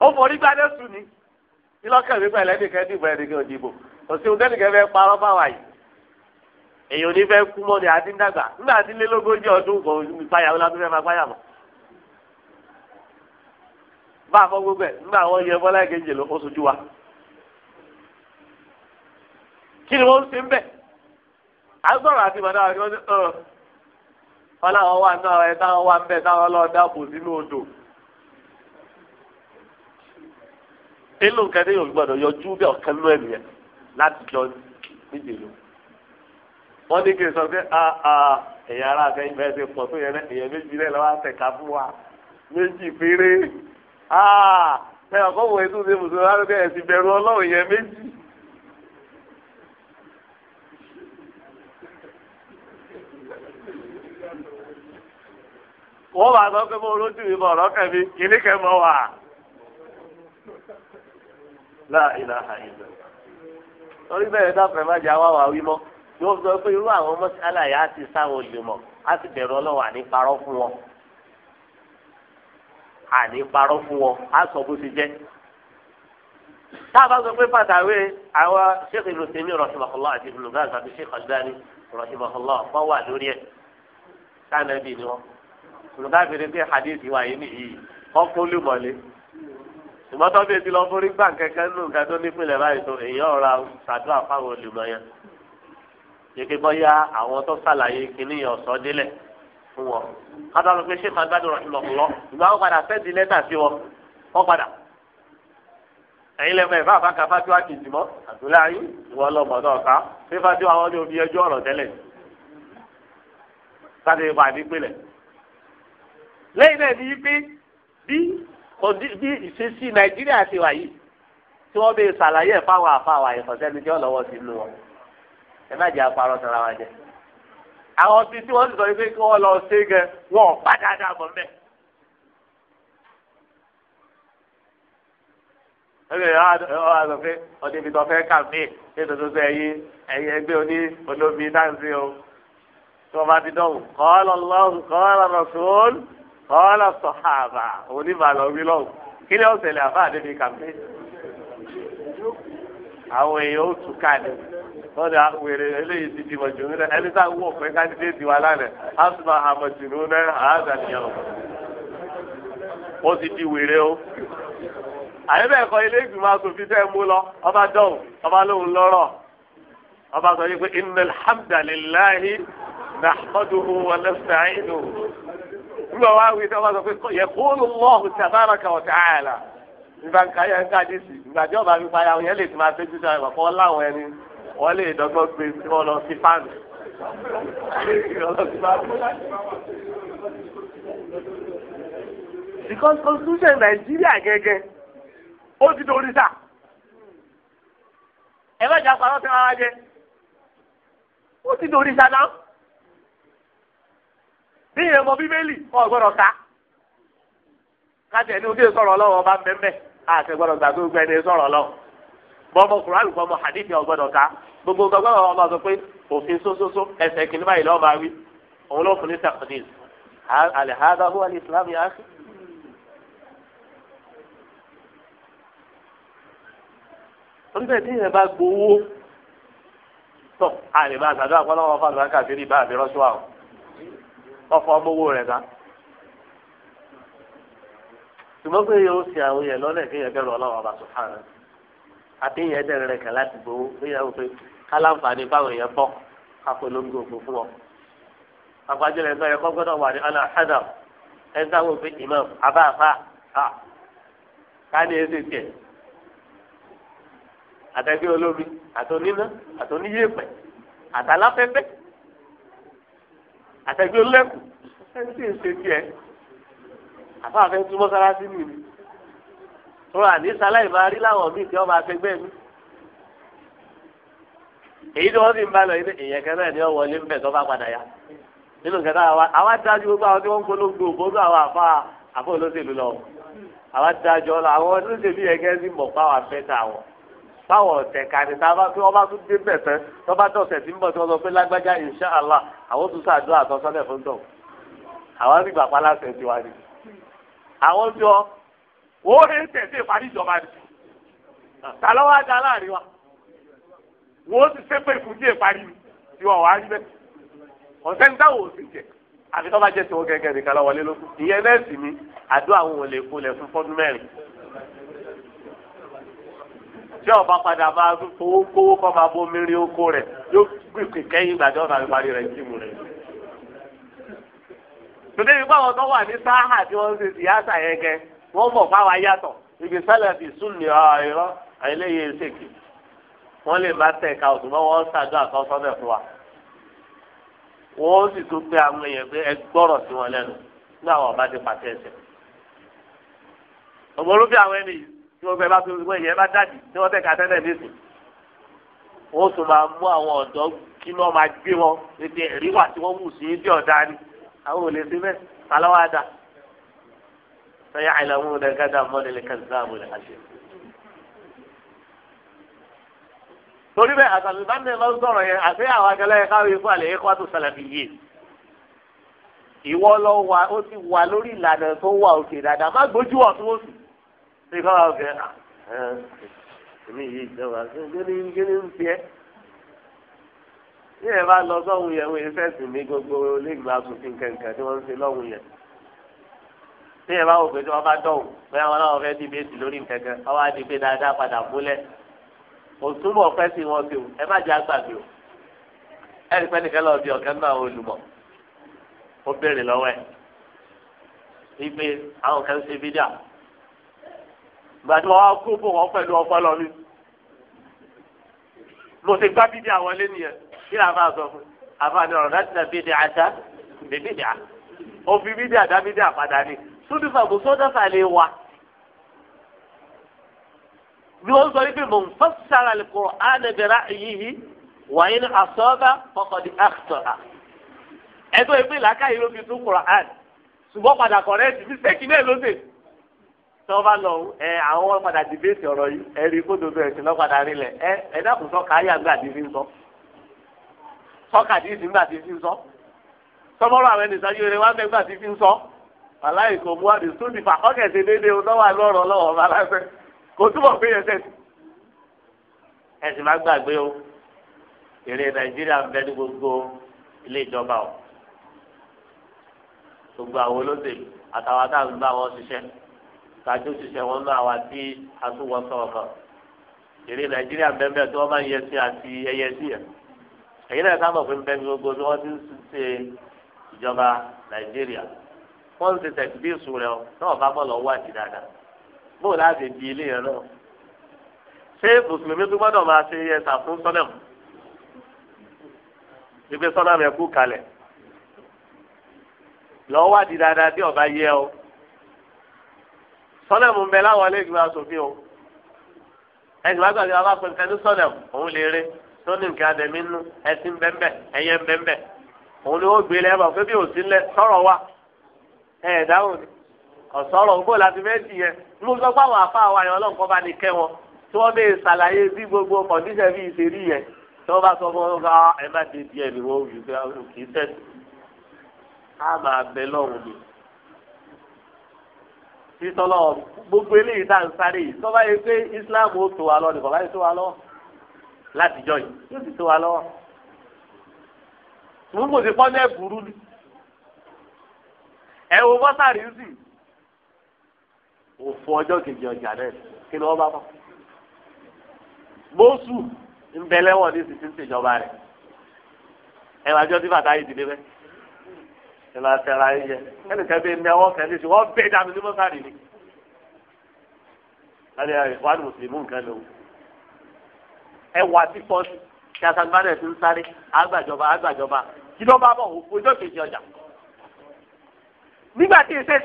ó forí gbádẹ́sùn kò sí ohun tẹ́nìkẹ́ fẹ́ parọ́ fáwa yìí èèyàn ní fẹ́ kú mọ́ ni àti ń dàgbà nígbà tí lé lógójì ọdún kò ìpayà ó lábẹ́ máa páyà mọ́. bá a fọ gbogbo ẹ̀ nígbà wọ́n yẹ bọ́lá ìkejì lọ oṣù ju wa. kí ni wọ́n ń ṣe ń bẹ̀? à ń sọ̀rọ̀ àti màdá wa kí wọ́n ti ọ̀ wọ́n láwọn wà náà ẹ̀ táwọn wà ń bẹ̀ táwọn lọ́ọ́ dáàbò sínú odò. inú nǹkan tí yóò gbọ́dọ̀ yọjú bí ọ̀kan nú ẹ̀ láti jọ níbi wọn ní kí n sọ pé ẹ̀yà ara àtẹ̀yìn bẹ́ẹ̀ ti pọ̀ tó yẹn náà èèyàn méjì fún wa méjì péré ẹ ọkọ wo ètò láti bẹ́ẹ̀ ẹ̀sìn bẹ̀rù méjì. wọ́n bá sọ pé mo mi bọ̀ kìnnìkẹ́ mọ́ torí bẹ́ẹ̀ dáfẹ́ má jẹ́ àwa wà wí mọ́ yóò sọ pé irú àwọn mọ́sálà yà á ti sáwọn olùmọ̀ á ti bẹ̀rù ọlọ́wọ́ àní parọ́ fún wọn àní parọ́ fún wọn á sọ bó ti jẹ́ tá a bá sọ pé pàtàwé àwa sheikh ibn tèmi rahimahullah àti ibn àti sheikh albani rahimahullah wọn wà lórí ẹ sáà ni wọn ibn fi rí pé hadith wa yìí nìyí wọn kó ìmọ̀tọ́ bíi ti lọ forí gbà kẹ́kẹ́ nù nǹkan tó nípìnlẹ̀ báyìí tó èèyàn ọ̀ra ṣàdúrà fáwọn olùmọ̀ yẹn yèké bọ́yá àwọn tó ṣàlàyé kínní ọ̀sọ́ délẹ̀ fún wọn kátó ló pé ṣé kan gbádùn rẹ̀ lọ́kùnlọ́ ìgbà wọn padà sẹ́ẹ̀dì lẹ́tà sí wọn wọn padà ẹ̀yin lẹ́mọ̀ ẹ̀fà àbáka fásiwá kìtì mọ́ àtúlẹ̀ ayé ìwọ ọlọ́mọ náà ká ṣé fásiwá wọn ni bí ìṣesí nàìjíríà ti wà yìí tí wọ́n bẹ ṣàlàyé ẹ̀ fáwọn àfàwà ìfọ̀sẹ́ni tí ọlọ́wọ́ ti lu wọn ẹ má jẹ́ àparọ́ sara wa jẹ. àwọn tí tí wọ́n sọ pé kí wọ́n lọ ṣe gẹ wọn ò bá dáadáa bọ̀ mẹ́. ẹgbẹ́ yọ àgbà pé ọdẹ ibi tó fẹ́ kà mí ètò tó sọ ẹyí ẹyẹ ẹgbẹ́ oní olómi náà ń ṣe o tí wọ́n bá ti dọ̀wọ̀ kọ́ ọ́ lọ́ọ́ kọ́ ọ́ lọ́ọ́ ọlọ sọhábà oníbàlọ wílọ kí ni ọsẹlẹ àbá àdébí kàmpé àwọn èèyàn ó tún káàdì wọn dà wèrè eléyìí ti dìbò jù nílẹ̀ ẹni tá a wọ pé kandidate wa lánàá asuma amọtìlú náà àádàníyàn ó ti di wèrè o àyẹ̀bẹ̀ kọ́ ilé ìgbìmọ̀ asòfin tẹ́ ẹ mú lọ ọba dọ̀hùn ọba lóhùn lọ́rọ̀ ọba sọ yìí pé innal hamdalillahi nahmaduhu wa nasta'inuhu nígbà wá wí sọ́wọ́ sọ pé yẹ kóòlù lọ́ọ̀hùn tabaraka wa ta'ala nígbà nǹkan yẹn ń ká dé sí ìgbà tí ọba fífa ya yẹn lè ti máa fẹ́jú sọ ìwà fọwọ́ láwọn ẹni wọ́n lè dọ́gbọ́n gbé tí wọ́n lọ sí fáànù. because constitution Nàìjíríà gẹ́gẹ́ ó ti dorí sá ẹ bá jà pa lọ́sẹ̀ rárá jẹ ó ti dorí sá náà bí ìyẹn mọ bíbélì wọn gbọ́dọ̀ ká kájẹ ní ojú ìsọ̀rọ̀ ọlọ́wọ́ bá bẹ́ẹ̀ àti gbọ́dọ̀ gbà tó gbẹ ní ìsọ̀rọ̀ ọlọ́wọ́ bọ́mọ kùránù bọ́mọ hadith ọgbọ́dọ̀ ká gbogbo gbọ́dọ̀ wọn máa sọ pé òfin sósósó ẹsẹ̀ kìíní báyìí lọ́ọ́ máa wí òun ló fún ní taqdis alihada huwa al-islam ya akhi. nígbà tí yẹn bá gbowó tọ́ àlè máa sàdúrà pọ́nlọ́wọ́ fún àlùbáńkà sí ní àbí rọ́ṣùwà o ọfọ ọmọwó rẹ̀ ká ṣùgbọ́n pé yóò ṣe àwọn yẹn lọ́nà ìkéyàn bẹ̀rù ọlọ́wọ́ ọba sùfàrà àti yẹn dẹ̀rẹ̀ rẹ̀ kà láti gbowó níyàwó pé kálánfààní báwọn yẹn bọ́ kápolongo ògbó fún ọ. àgbájọ rẹ̀ gbọ́dọ̀ kọ́ gbọ́dọ̀ wà ní ọ̀nà hadam ẹ̀ ń pé imam abáfà ká ní ẹsẹ̀ tiẹ̀ àtẹ̀gbẹ́ olómi àtọ́níná àtọ́níyẹ̀pẹ̀ àtàláfẹ́fẹ́ àtẹ̀gbẹ́ lẹ́kù ẹni tí ń ṣe tiẹ̀ àfáàfẹ́ túmọ̀ sára sí mi ni rọra ní sáláì máa rí láwọn míì tí wọ́n máa fẹgbẹ́ mi èyí tí wọ́n sì ń bá lọ yìí èèyàn kan náà ni wọ́n wọlé ńbẹ̀ tó bá padà yá nínú kẹta àwa àwa dájú gbogbo àwọn tí wọ́n ń polongo òbódó àwọn àfa àfọ olóṣèlú lọ àwa dájú ọlọ àwọn olóṣèlú yẹn kẹ́ sí mọ̀ fáwọn afẹ́tà wọn fáwọn ọ̀tẹ̀ kàní tí wọ́n bá tún dé bẹ̀ tán tó bá tọ̀sẹ̀ tí ń bọ̀ tí wọ́n sọ pé lágbájá inṣáàlá àwọn tún sàdúrà àtọ́sọ́lẹ̀ fún tọ̀ àwọn sì gbàgbá láṣẹ tiwa ni àwọn tí ọ wọ́n rí tẹ̀sí ìparí ìjọba ni ta lọ́wọ́ ajá láàrin wa wọ́n ti sẹ́pẹ̀ ìfúnjí ìparí mi tí wọ́n wá rí ọ̀sẹ̀ ń dáwọ̀ òsì jẹ àfi tó bá jẹ́ tiwọn gẹ́gẹ́ nìkan lọ́wọ́lé lókun ìyẹn nẹ́ẹ̀sì ni àdó àwọn ò lè kulẹ̀ fún fọ́dún mẹ́rin tí ọba padà máa fowó kówó kọ́ máa bó mírí oko rẹ̀ yóò gbìgbì kẹ́yìn ìgbà tí ọba fi parí rẹ̀ jíìmù rẹ̀. tòde ìgbà wọn tó wà ní sáhà tí wọ́n ń ṣe síyáṣà yẹn kẹ wọ́n mọ̀ fáwa yàtọ̀ ibi sálẹ̀fì sùn ní ọ̀rọ̀ àìlẹ́yẹ ṣèkì wọ́n lè má tẹ̀ ká òtúmọ̀ wọ́n ṣàdúrà kan sọ́dẹ̀ fún wa wọ́n sì tún pé àwọn èèyàn pé ẹ gbọ́rọ̀ sí wọn lẹ́nu ní àwọn ọba ti pàṣẹ ẹsẹ̀. ọ̀gbọ́n ló bí àwọn ẹni yìí tí wọ́n fẹ́ bá tó wọ́n yẹn bá dàdí tí wọ́n fẹ́ ka tẹ́lẹ̀ nísìn wọ́n tún máa mú àwọn ọ̀dọ́ kí wọ́n máa gbé wọn ètò ẹ̀rí wà tí wọ́n mú sí ibi ọ̀dà ni àwọn ò lè ṣe bẹ́ẹ̀ aláwọ̀ àdá sẹ́yìn àìlàmú rẹ̀ gádà mọ́lẹ̀lẹ̀ kẹ́sìlámù rẹ̀ àṣẹ. torí bẹ́ẹ̀ àtàlù bá ní lọ́wọ́ sọ̀rọ̀ yẹn àti àwọn akẹ́lẹ́ yẹn káwé fún àlẹ́ ẹ̀kọ́ tó sàlàbí yìí ìwọ lọ wà ó ti wà lórí ìlànà tó wà òkè dáadáa má gbójú ọ̀tún ó sì ṣé káwá ọ̀gẹ́ ah, èmi yìí ìjọba gẹ́gẹ́ ní gẹ́gẹ́ ń tiẹ́ ní ẹ̀ bá lọ sọ́hun yẹn wọ́n fẹ́ sìn ní gbogbo lẹ́gbàá asòfin kẹ̀kẹ́ tí wọ́n ń ṣe lọ́hun yẹn tí ẹ̀ bá wò pé tí wọ́n bá dọ̀wù pé àwọn náà fẹ́ dìbẹ́tì lórí kẹ̀kẹ́ ọwọ́ á di pé dáadáa padà múlẹ̀ òtúbọ̀ fẹ́ sí wọn sí o ẹ má jẹ́ àgbàgbé o ẹ̀rí pẹ́ nìkan lọ́ọ́ bí ọ̀kẹ́ náà olùmọ̀ ó béèrè lọ́wọ́ ẹ̀ wípé àwọn kan ṣe fídíà gbàtí wọn kú fún wọn pẹ̀lú ọpọlọ mi mo ti gbá bídí àwọn ilé nìyẹn kí ni àfa sọ fún àfa ni ọ̀rọ̀ láti tẹ̀lé bídí àṣà bídí à ó fi bídí àdá bídí àpadà ni súdùfà kò sódàfà lè wà bí wọ́n sọ wípé mò ń fọ́sára lẹ́kọ̀ọ́ ánẹ́bẹ̀rẹ̀ yìí wàyí ní asọ́ba fọkàndí àkùtọ̀à ẹ̀tọ́ ìpínlẹ̀ akáyọ̀ fi tún Kùránì ṣùgbọ́n padà kọ̀rẹ́ẹ̀tì mí sẹ́kì náà ló dé tí wọ́n bá lọ ẹ àwọn padà dìbẹ́tì ọ̀rọ̀ yìí ẹ rí kótó bẹ̀rẹ̀ sí lọ́padà rílẹ̀ ẹ ẹ dákun sọ káyà gbà tí fi ń sọ sọ́kà tí fi ń gbà tí fi ń sọ sọmọ́rọ̀ àwọn ènìyàn yóò rẹ wá bẹ́ẹ̀ gbà tí fi ń sọ aláì kò mú àdì sódì fà ọ́kẹ́ ṣe déédéé o lọ́wọ́ lọ́rọ̀ lọ́wọ́ ọba aláṣẹ kò túbọ̀ pé yẹn sẹ́sì ẹ̀sìn má gbàgbé o èrè Nàìjíríà ń bẹ ní gbogbo ilé ìjọba o gbogbo àwọn olóṣèlú àtàwọn àtàwọn bá wọn ṣiṣẹ́ ṣáájú ṣiṣẹ́ wọn náà wá sí àtúwọ̀sọ ọ̀kan èrè nàìjíríà bẹ́ẹ̀ tí wọ́n bá ń yẹ sí àti ẹyẹ sí ẹ̀ èyí náà sábà pé bẹ́ẹ̀ gbogbo tí wọ́n ti ń ṣe ìjọba nàìjíríà wọ́n ti tẹ̀síbí ìṣù rẹ̀ náà bá bọ̀ lọ wá dáadáa bó láti di ilé yẹn náà ṣé mùsùlùmí tó gbọ́dọ̀ máa ṣe yẹ sàfún sọ́nàmù ìgbésọ́nàmù ẹ̀kú kalẹ̀ lọ́wọ́ wá di dáadáa bí ọba yẹ ọ́ sọlẹmù ń bẹ láwọn ilé ìgbìmọ̀ asòfin o ẹsìn bá gbàgbé bàbá pé nǹkan ní sọlẹmù òun lè rí tó nǹkan nú ẹyẹ òun ni ó gbé lẹ́yìn bí òsín wa ẹ̀ dáhùn ni ọ̀sọ̀rọ̀ di yẹn sọ àyàn ọlọ́nkọ́ bá ní kẹ́ gbogbo bí ìṣe rí yẹn tí wọ́n bá sọ fún wọn ah, ẹ má dé díẹ̀ ni wọ́n sẹ́sì á máa bẹ lọ́rùn ìtọ́lọ́ gbogbo eléyìí tá à ń sáré yìí tọ́ba yìí pé Islam ó tó wa lọ nìkan báyìí tó wa lọ́wọ́ látijọ́ yìí yóò ti tó wa lọ́wọ́ ṣùgbọ́n kò sí pọ́nẹ́ burú ni ẹ wo bọ́sàrì sí òfò ọjọ́ kejì ọjà náà kí ni wọ́n bá fọ́ bóṣù ń bẹ lẹ́wọ̀n ní sísè ìjọba rẹ̀ ẹ wájú ọtí bàtà yìí ti dé bẹ́ẹ̀ ẹ máa tẹ̀ra ẹ yẹ ẹnìkan bíi mi àwọn kan ní sùn wọ́n bẹ́ẹ̀ dàbí ní mọ́sálì ni. láti ẹ wà ní mùsùlùmí nǹkan lò ẹ wà sí pọ́ọ̀sì kí asagbádẹ ti ń sáré àgbàjọba àgbàjọba kí ló bá bọ̀ ọjọ́ kejì ọjà. nígbà tí ìṣe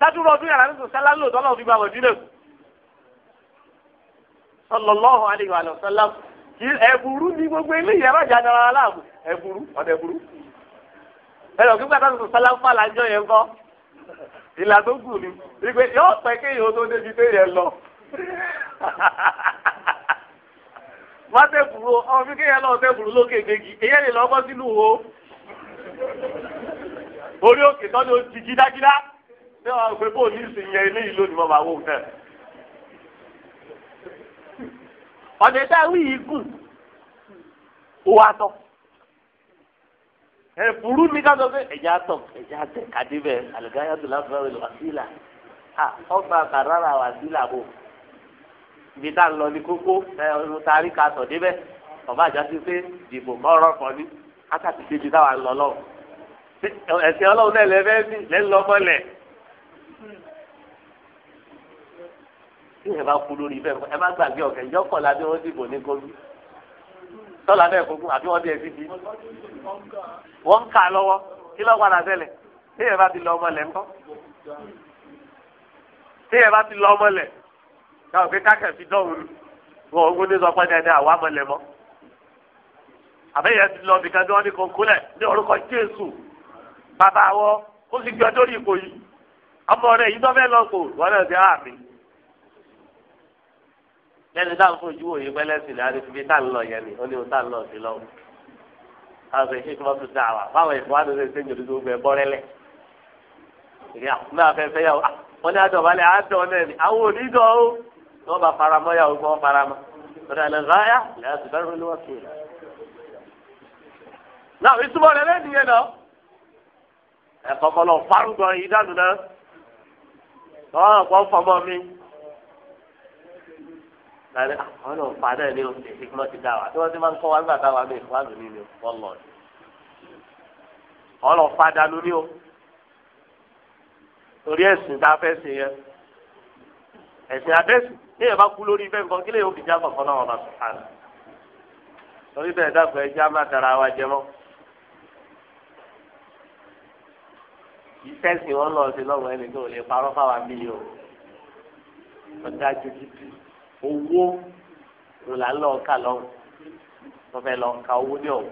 sátúrò ọdún yàrá nínú sálá lò tọ́lọ́ fi gbàgbọ́ dílé sallallahu alaihi wa sallam ẹ̀bùrú ni gbogbo eléyìí ẹ̀rọ ìjà dára aláàbò ẹ̀bùrú ọ̀dẹ̀bùrú ẹ̀rọ gbígbà tó sọ sáláfà lájọ yẹn kọ́ ìlà tó gùn ni wípé yóò pẹ́ kéèyàn tó débi tó yẹn lọ. wọ́n tẹ̀ bùrù ọmọ fi kéèyàn náà tẹ̀ bùrù lókè gègì èyẹ lè lọ́kọ́ sínú wo orí òkè tó ló ti gídágídá ní ọ̀rọ̀ pé bóun ní ìsìn yẹn eléyìí lónìí mọ́ màá wò náà. ọ̀dẹ̀ wí yìí gùn ó wá tọ́ ẹ̀fúrú ní ká sọ pé ẹ̀jẹ̀ àtọ̀ ẹ̀jẹ̀ àtẹ̀ kàdébẹ̀ àlùgáyà tó láfẹ́ rẹ̀ wàsílà ọba kàrárà wàsílà bò ibi tá ń lọ ní kókó ẹ̀rù tarí ká sọ̀ débẹ̀ ọba àjà sí pé dìbò kọ́rọ̀ kan ní átàtì débi táwa ń lọ lọ́wọ́ ẹ̀sìn ọlọ́run náà lẹ́fẹ́ ní lẹ́ńlọ́mọ́lẹ̀ tí ẹ bá kú lórí bẹ́ẹ̀ ẹ má gbàgbé ọ̀kẹ́ ìjọ́kọ̀lá bí wọ́n dìbò ní gómìnà tọ́lá náà fún àbí wọ́n dé ẹbí bí. ń kà lọ́wọ́ kí ló padà tẹ́lẹ̀ tí yẹn bá ti lọ ọmọlẹ̀ ńkọ́. tí yẹn bá ti lọ ọmọlẹ̀ káwọn pé kákẹ́ fi dọ́wọ́ ni wọn ò gbọ́dọ̀ sọ pé dandan àwọn amọ̀lẹ̀ mọ́. àbẹ́yẹ ti lọ nìkan tí wọ́n ní kónkólẹ̀ ní orúkọ Jésù bàbá wọ ó sì gbé ọjọ́ ìkòyí ọmọ rẹ̀ yìí tó fẹ́ lọ kò wọ́n náà ti hàn mí. lẹ́ni táwọn fojú wòye pẹ́lẹ́sì ní adébíbí tá ń lọ yẹn ni ó ní o tá lọ sí lọ. àwọn sọ èyí kí wọ́n tún dá wa báwọn ìfọ̀ àti ṣe ń jòdì tó gbẹ bọ́rẹ́lẹ̀. ìyá fẹ́ fẹ́ yà ah, wọ́n ní àdọ̀ balẹ̀ àádọ́ náà ni àwọn onídọ̀ o wọ́n bá faramọ́ yà wọ́n kọ́ faramọ́. ọ̀dà ilẹ̀ ráyà lẹ́yìn àti bẹ́ẹ̀ láti ah, àwọn náà fa náà ní oṣù ìfikùnmọ́ ti dá wa tí wọ́n ti máa ń kọ́ wa nígbà táwa ní ìfọ́ àdùnní ni wọ́n lọ sí. ọlọ́ fa dànù ní o torí ẹ̀sìn tá a fẹ́ ṣe yẹn ẹ̀sìn abẹ́sìn ní ìyẹn bá kú lórí ibẹ̀ nǹkan kí lè yóò fi já kọ̀ọ̀kan náà ọ̀nà sùkàn. torí bẹ́ẹ̀ dàgbà ẹ já má tara wa jẹ mọ́. ìfẹ́sìn wọn lọ sí lọ́wọ́ ẹni tó lè parọ́ fáwa mílíọ̀nù ọ̀dájú títí owó ló là ń lọ ká lọ́wọ́ wọ́n fẹ́ lọ ka owó ní ọ̀wọ́.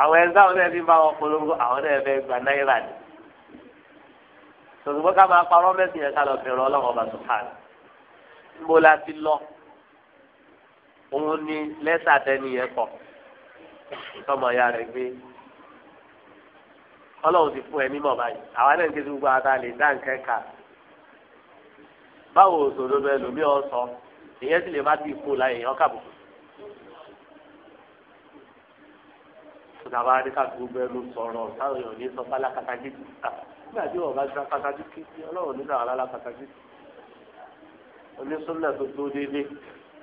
àwọn ẹ̀sán àwọn ẹ̀sán ti bá wọn polongo àwọn ẹ̀sán fẹ́ gba náírà ni. tòṣùgbọ́n ká máa parọ́ mẹ́sìn yẹn ká lọ bẹ̀rù ọlọ́run ọba sùkàn. níbo la ti lọ òun ni lẹ́tà tẹ́ni yẹn kọ̀ tọmọ ya rẹ̀ gbé ọlọ́run ti fún ẹ mímọ̀ báyìí àwa náà ń ké sí gbogbo àtàlẹ́ dáǹkẹ́ kà báwo òṣòdodo ẹlòmí ọ sọ èyẹ sì lè má ti kó láyé èèyàn kàbùkù. tàbá ní káàkiri gbogbo ẹnu sọ̀rọ̀ táwọn èèyàn ní sọ fálá kàtàkì kìkà nígbà tí wọn bá gba kàtàkì kìkì ọlọ́run nígbà wà lálá kàtàkì kìkì onísúnlẹ̀ tó tó délé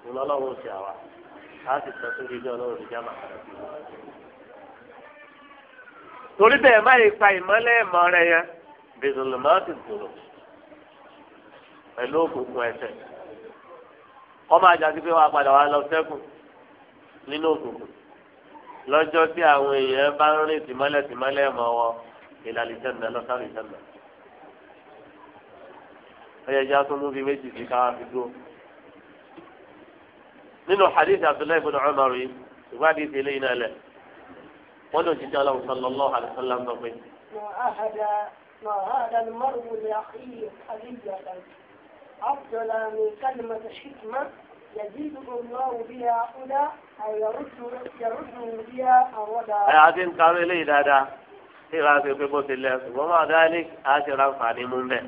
ńlọ́lọ́run ti àwà láti sọ sórí ilé ọlọ́run ní jámà kàtàkì. torí bẹ́ẹ̀ má yí pa ìmọ́lẹ̀ ẹ̀mọ́ rẹ yẹn bẹ̀rẹ̀ pẹ̀lú òkùnkùn ẹ̀ṣẹ̀ wọ́n máa jà sí pé wọ́n á padà wá lọ sẹ́kù nínú òkùnkùn lọ́jọ́ tí àwọn èèyàn bá ń rìn tìmọ́lẹ̀ tìmọ́lẹ̀ mọ́ wọn ìlàlẹ̀ ìjẹ́nà lọ́sàrò ìjẹ́nà. ọ̀yẹ̀jẹ̀ á tún mú bíi méjì sí káwá fi dúró. nínú hadith abdullahi ibn umar ìwádìí ti lé iná lẹ̀ wọ́n lọ jíjẹ́ ọlọ́run sallallahu alaihi wasallam ń sọ pé. أفضل من كلمة حكمة يزيده الله بها أولى أو يرد يرده بها أو ولا. أي عظيم قالوا لي دادا في غازي في بوت الله ومع ذلك آخر أنفعني من به.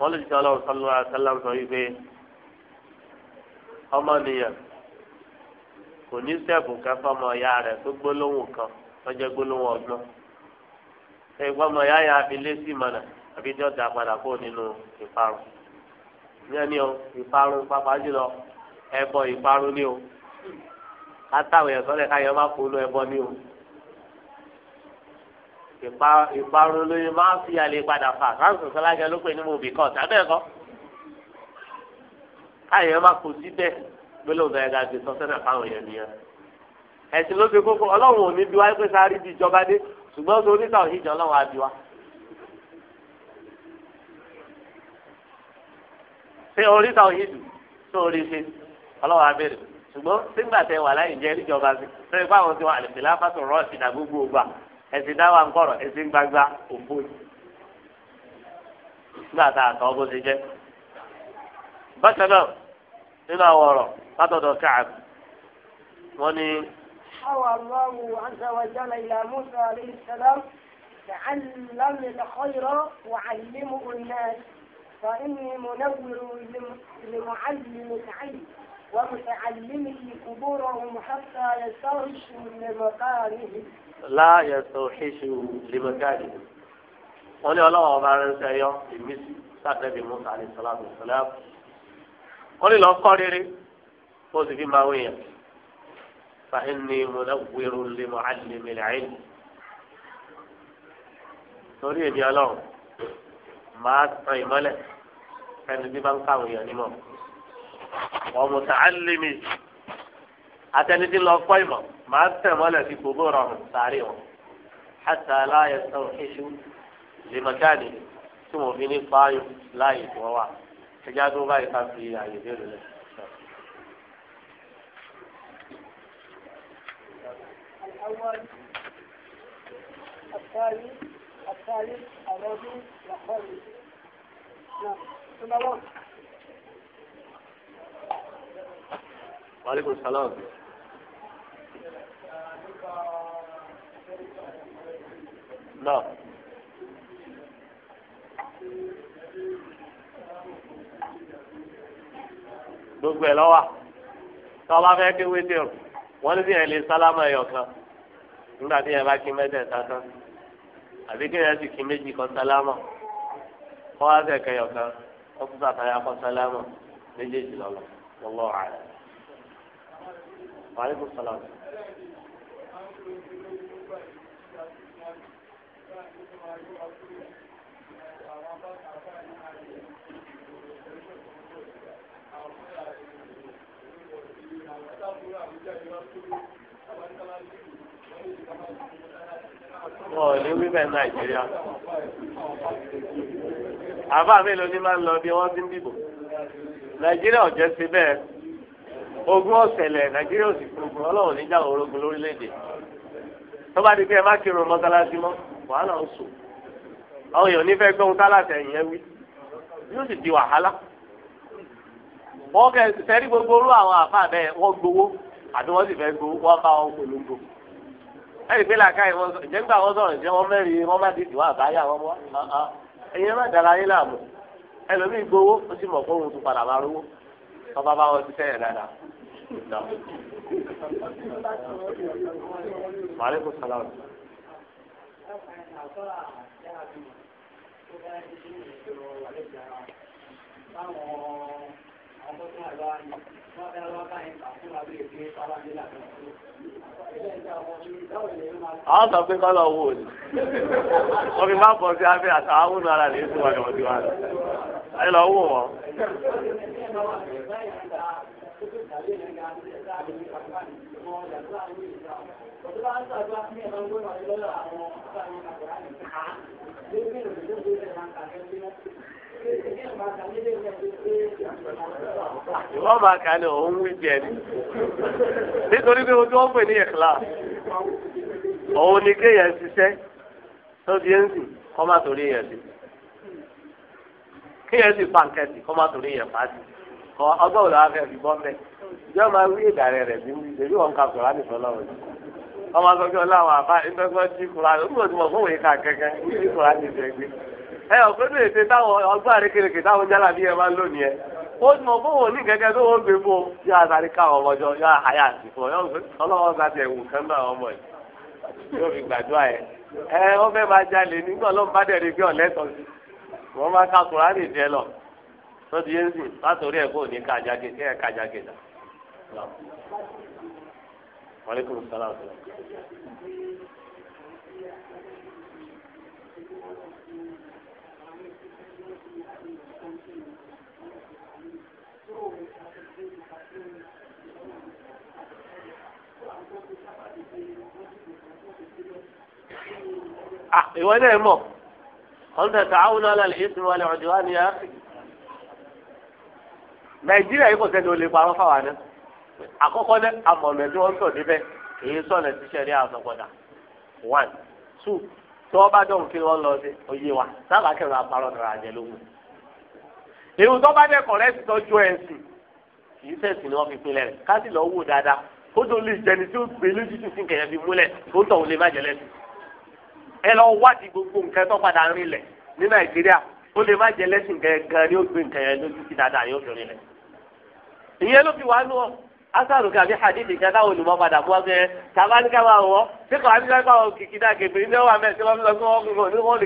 قال إن شاء الله صلى الله عليه وسلم صحيح ọmọ kò ní sẹ́ẹ̀bù kan fọmọ ìyá rẹ̀ tó gbólóhùn kan lọ́jọ́ gbólóhùn ọgbọ́n ẹ gbọ́mọ ìyá yà á fi lé sí ìmọ̀nà àbí tí ó da padà kó nínú ìparun yẹn ni o ìparun pàápàá jùlọ ẹbọ ìparun ni o kátàwé ẹ̀sọ́lẹ̀ káyọ̀ má polú ẹbọ ni o ìparun lóyún má fi àlè padà fà káńsù sọlájẹ ló pè ní mo bì kọ́ tàbí ẹ̀kọ́ káyọ̀ má kó síbẹ̀ gbélé òdò ẹ̀ga ti sọ sẹ́nà fáwọn yẹn nìyẹn ẹ̀sìn ló ti kókó ọlọ́run ò ní bí wáyé pé sáré di ìjọba dé ṣùgbọ́n tó oníkàwé ìjọ ọlọ́run á bí wa. ṣé orí táwọn yìí dùn ṣé orí ṣe ọlọ́wọ́ abẹ́rẹ́ ṣùgbọ́n sígbà tẹ wà láyé jẹ́ níjọba sí ṣé ipa àwọn tí wọn àlè fìlà fásitì rọ́ọ̀sì dà gbogbo ògbà ẹ̀sìn dáwà ń kọ̀rọ̀ ẹ̀sìn gbagba òfò nígbà tá a tọ́ bó ṣe jẹ́. bákan náà nínú àwọn ọ̀rọ̀ látọ̀dọ̀ káàb wọ́n ní. حوى فإني منور لمعلمك علم ومتعلمه قبورهم حتى يستوحش لمكانه لا يستوحش لمكانه wọ́n ní ọlọ́wọ́ ọba rẹ̀ ń sẹ́yọ́ ìmísí sàdẹ́bí musa alayisalaatu salam wọ́n ní lọ́ọ́ kọ́ rere kó o sì fi máa wéyàn fàhínní múnáwérú lè mọ àlèmí làyìn torí èmi ọlọ́run máa tàn ìmọ́lẹ̀. fẹ́ni bí bá ń kàwé yẹn nímọ̀ wọ́n mú sàálìmì atẹnidí lọ kọ́ ìmọ̀ màá tẹ̀ mọ́lẹ̀ fi gbogbo rọrùn sáré wọn hàtà láyé sọ̀rọ̀ ṣíṣú lèmọ̀káàdì tí wọ́n fi ní fáyọ̀ láyé tó wà ẹjá tó báyìí ká fi àyè bẹ́ẹ̀ lọ. الأول الثاني الثالث الرابع والخامس نعم Wàlíkùn sálọ́m. Náà. Gbogbo ẹ̀ lọ́wọ́. Tọ́ bá fẹ́ kí wíńdí rù. Wọ́n ní bí ẹ̀ lè sálámà ẹ̀yọ̀ kan. Nígbà tí ẹ̀ bá kí mẹ́tẹ̀ẹ̀ta tán. Àbí kí ẹ̀ sì kí méjì kan sálámà. Wọ́n á sẹ̀ kẹyọ̀ ọtún sàtàyà kọ sálámù méjèèjì lọlọ lọlọ àlẹ. wàhálẹ́kùn sálámù. Wọ́n ò ní wíwẹ̀ Nàìjíríà àbá mélòó ni máa ń lọ bí wọ́n ti ń dìbò nàìjíríà ò jẹ́ sí bẹ́ẹ̀ ogun ọ̀sẹ̀lẹ̀ nàìjíríà ò sì gbogbo ọlọ́run níjà orogun lórílẹ̀‐èdè tó bá di pé ẹ má kírun mọ́sálásí mọ́ wàhálà ń sùn àwọn èèyàn nífẹ̀ẹ́ gbóhun tálàtẹ̀ yẹn wí yóò sì di wàhálà wọ́n kẹ́ sẹ́rí gbogbo orú àwọn àfa bẹ́ẹ̀ wọ́n gbowó àti wọ́n sì fẹ́ gbowó wọ́n bá wọn polongo ẹ̀rí pé làákàyè wọn sọ ìjẹ́gbà wọn sọ̀rọ̀ ìjẹ́ mẹ́rin wọn má di ìwà àbáyà wọn wá ẹ̀yin má dara yín láàmú ẹlòmíì gbowó ó sì mọ̀ pé òun tún padà máa rówó ọba bá wọn ti sẹ́yìn dáadáa. maaleykum salaam. Thank àwọn sọ pé kọ́lọ̀ wò ni wọ́n máa bọ̀ sí abẹ́ àtàwọn wò ara lè fún wa ní ọdún wa lọ wò wọ́n. Thank you wọ́n máa kà ní òun wí jẹ ni nítorí pé ojú wọn ní ìkìlá òun ni kéèyàn ṣiṣẹ́ tó di ẹ́ńsì kọ́ má torí yẹn sí kéèyàn sì pa nkẹ́sì kọ́ má torí yẹn pàṣẹ kọ́ ọgbọ́n òun làwọn fi bọ́ mẹ́ ìjọba máa wí ìdàrẹ́ rẹ̀ bí wí èmi wọn kà sọ̀rọ̀ àdìsọ́ lọ́wọ́ yìí ọmọ sọ́kẹ́ ọlọ́wọ́ àbá ìtọ́sọ́ jí kura ló ẹ ọ ètè táwọn ọgbọ́n àrékèrèkè táwọn jálà bí ẹ máa ń ó mọ̀ fún òní kẹ́kẹ́ tó wọ́n gbé fún yóò àtàrí káwọn ọmọjọ yóò àyà fún ọlọ́wọ́ náà ọmọ yóò fi gbàdúrà ẹ máa jalè nígbà bá dẹ̀ ka kùránì jẹ lọ yẹn látòrí ẹ̀ ní Ah, ìwọ náà mọ̀ ọ̀n tẹ̀sán àwọn náà lálẹ́ yìí sinmi ọ̀dùn wa ni yà nàìjíríà yìí kò sẹ́ni olè parọ́ fáwọn àkọ́kọ́ tí wọ́n sọ níbẹ̀ èyí sọ̀nà one two tí wọ́n bá dọ̀hùn kí wọ́n lọ sí oyé wa sábà kẹrin àparọ̀ nara àjẹ lóhùn. tó bá tọ́jú kì ẹ lọ wádìí gbogbo nǹkan tó padà ń rinlẹ̀ ní nàìjíríà ó lè má jẹ lẹ́sìn gangan ni ó gbé nǹkan yẹn lójú sí dáadáa yóò fi rinlẹ̀. ìyẹn ló fi wá nù ọ asaru kàbí hadithi kan táwọn olùmọ̀ padà bọ ọgbẹ tabali ká máa wọ tí kò àbí ká wọ kìkì náà kébè ní ọwọ́ àmẹ tí wọn fi lọ sí wọn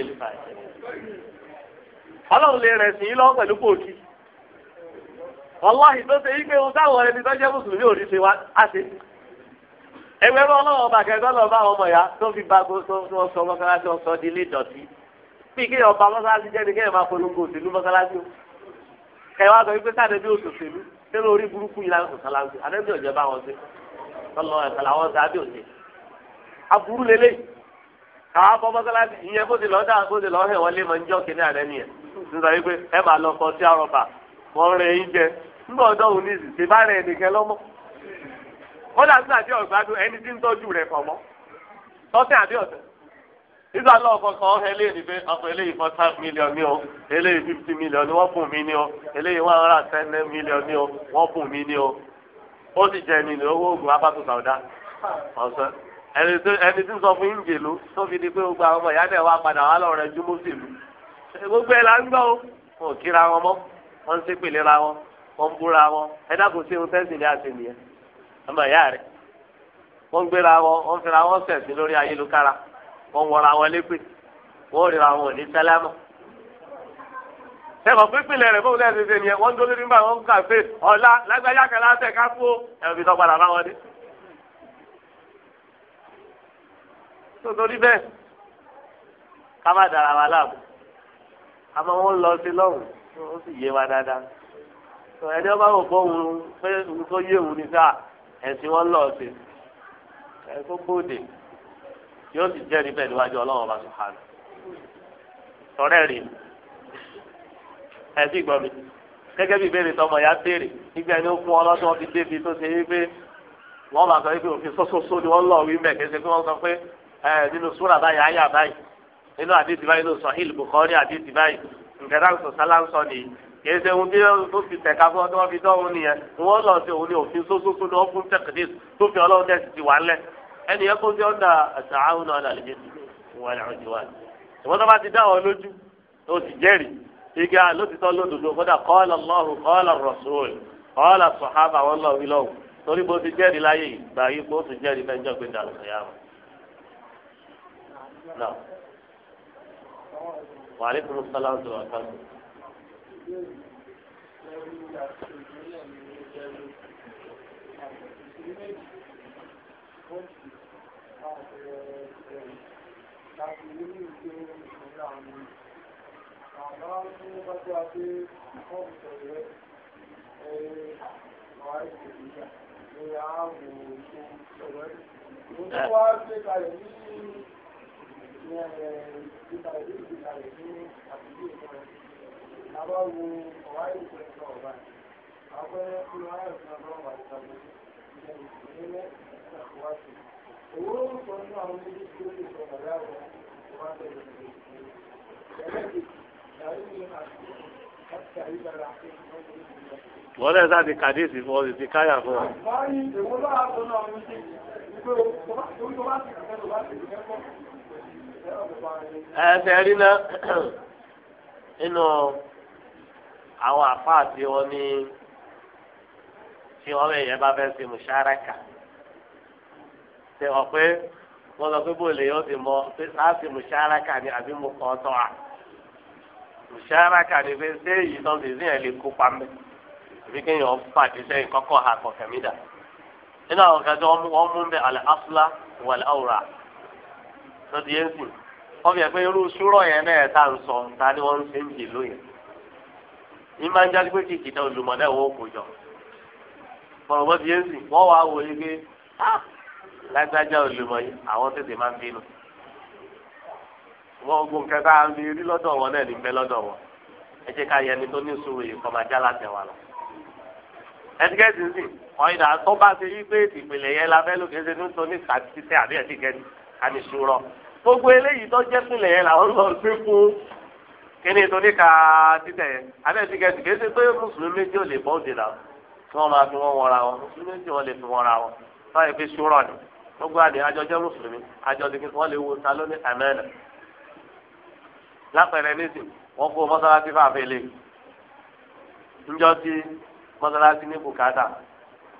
kò la ọlọ́run lè rẹ̀ sí wàláhì tó ṣe yípe ohun táwọn ẹni tó jẹ́ mùsùlùmí ò ní ṣe wá á ṣe. ẹgbẹ́rún ọlọ́run ọba kẹgbẹ́ lọ bá ọmọ ìyá tó fi ba gbogbo sọ mọ́sálásí ọ̀sọ́ di ilé ìdọ̀tí. bí kí ọba mọ́sálásí jẹ́ ni kí ẹ máa polongo òṣèlú mọ́sálásí o. ẹ wá sọ wípé sáà débi òṣèlú nínú orí burúkú yìí láti mọ́sálásí àdébí ọ̀jẹ̀ bá wọn ṣe. tọ́lọ́ ẹ̀ka làwọn wọ́n rẹ̀ yín nígbà ọ̀dọ́ òun ní ìsìn ṣèbá rẹ̀ lọ́mọ́ wọ́n sí àti ọ̀gbádùn ẹni tí ń tọ́jú rẹ̀ mọ́ ọ̀sẹ̀ nígbà kọ̀ọ̀kan eléyìí ni ọkọ̀ eléyìí fọ́ five million ní o eléyìí fifty million wọ́n ní o eléyìí one hundred ten million ní o wọ́n ní ọmọ ìyá náà wá padà lọ́rọ̀ ẹjú mọ́sílù gbogbo ẹ̀ ń gbọ́ kíra wọn mọ́. wọ́n ń sépèlé ra wọn wọ́n ń búra wọn ẹ dákun sí irun tẹ́sí ní àti nìyẹn ọmọ ìyá rẹ̀ wọ́n ń gbéra wọn wọ́n ń fira wọn sẹ̀sìn lórí ayélujára wọ́n ń wọra wọn lépè wọ́n ò ríra wọn ò ní sálámà. ẹ̀fọ̀ pípìlẹ̀ rẹ̀ fóun lẹ́sìn ṣe nìyẹn wọ́n ń dolórí nígbà wọn ń kà pé ọ̀la lágbájá kan láṣẹ ká fún ẹ̀rọ fi tọ́gbàdà bá wọn dé. nítorí bẹ́ẹ̀ ká má dara wa láàbù àmọ́ wọ́n lọ sí lọ́hùn-ún ó sì yé wa dáadáa ẹni ọba wò bọ́ òun pé òun tó yé òun ní sáà ẹ̀sìn wọn lọ sí ẹ tó gbòde yóò sì jẹ́rìí bẹ́ẹ̀ níwájú ọlọ́run ọba sùhánù tọ́rẹ́ rè ẹ̀sìn gbọ́ mi gẹ́gẹ́ bí ìbéèrè tọmọ ya béèrè nígbà ẹni ó fún ọ lọ́dún ọdún débi tó ṣe é pé wọ́n máa sọ pé òfin sọ́sọ́sọ́ ni wọ́n lọ wí mẹ́ kí pé wọ́n sọ pé nínú súrà báyìí àyà báyìí nínú àdìsí báyìí nínú sahil bukhari àdìsí báyìí nǹkan tá à ń ni, sálá ń sọ nìyí kìí ṣe ohun tí ó fi tẹ̀ka fún ọdún wọn fi dọ́hun nìyẹn wọn lọ sí òun ní òfin sósósó ní wọn fún tẹkidis tó fi ọlọ́run tẹ̀ sí ti wà lẹ̀ ẹnì yẹn kó sí ọ̀dà àtàwọn náà lálẹ́ jẹ́ wọn làwọn ti wà. ìwọ́n tó bá ti dá wọn lójú ó ti jẹ́rìí ìgbà lótìtọ́ lódodo kódà kọ́ọ̀lá lọ́hùn kọ́ọ̀lá rọ̀ṣùl sọ̀hábà wọn lọ́wí lọ́wọ́ torí bó ti jẹ́rìí láyé ìgbà yìí bó ti jẹ́rìí fẹ́jọ́ gbé dàlù sọ̀yà wọn wàhálẹ́kùn sálá ọ̀dọ̀ ọ̀tá. Yeah àwọn wo ọ̀wá ìgbẹ́ ìgbà ọ̀bá àwọn fẹ́rẹ́ fún ọ̀wá ìgbà ọ̀bá ìtàgé ìjẹ́ ìgbẹ́lẹ́ ìtàkùwáṣù owó orúkọ nínú àwọn méjì tí ó lè sọ bàbá rẹ̀ wá bẹ̀rẹ̀ ìgbẹ́lẹ́gbẹ̀ẹ́ ìyàrí ni àti ọ̀sẹ̀ àyíkára àti ìgbẹ́lẹ́gbẹ̀ẹ́ wọ́n lẹ́ sáà kàdéèsì fún ọ́sì ti káyà fún wa. báyìí èwo lọ́wọ́ àtọ́nà ọ̀hún ṣe wípé tó bá ti kẹ́kọ̀ọ́ bá ti kẹ́kọ̀ọ́ ẹsẹ̀ rí náà nínú àwọn àfáà tí wọ́n ní tí bá fẹ́ ṣe mùsáraka ṣe wọ́n pé wọ́n sọ pé bóòlù yóò ti mọ pé sáà ni àbí mo kọ́ a mùsáraka ni pé ṣé èyí tó ń sèṣin ẹ̀ lè kópa mẹ́ àbí kéèyàn pàdé sẹ́yìn lọ́dún yẹn sì wọ́n fi hàn pé irú sùúrọ̀ yẹn náà ta ń sọ ta ni wọ́n ń ṣe ń jì lóyìn ní máa ń jáde pé kìkì náà olùmọ̀ náà wọ́n kò jọ bọ̀rọ̀ bọ́ ti yẹn sì wọ́n wá wò yí pé lágbájá olùmọ̀ yìí àwọn tètè máa ń bínú wọn gbọ́n kẹta ní rí lọ́dọ̀ wọn náà ní bẹ́ lọ́dọ̀ wọn ẹ jẹ́ ká yẹ ẹni tó ní sùúrù yìí kọ́ máa já láti lọ. ẹtikẹ́tì la fẹ́ ló kéṣe ní tó ní kàtí tẹ́ àbí àti ṣúrọ gbogbo eléyìí tó jẹ́ sílẹ̀ yẹn làwọn lọ sí fún kíni torí ka títẹ̀ yẹn abẹ́ ti kẹ́sì kí ẹsẹ̀ pé mùsùlùmí méjì ò lè bọ́ọ̀dì la kí wọ́n máa fi wọ́n wọra wọn mùsùlùmí méjì wọ́n lè fi wọ́n ra wọn báyìí fi ṣúrọ ni gbogbo àdé àjọ jẹ́ mùsùlùmí àjọ ti kí wọ́n lè wo ta lóní àmẹ́nà lápẹ̀rẹ̀ nísì wọ́n kó mọ́sálásí fàáfẹ́ lé ńjọ́ tí mọ́sálásí ní bùkátà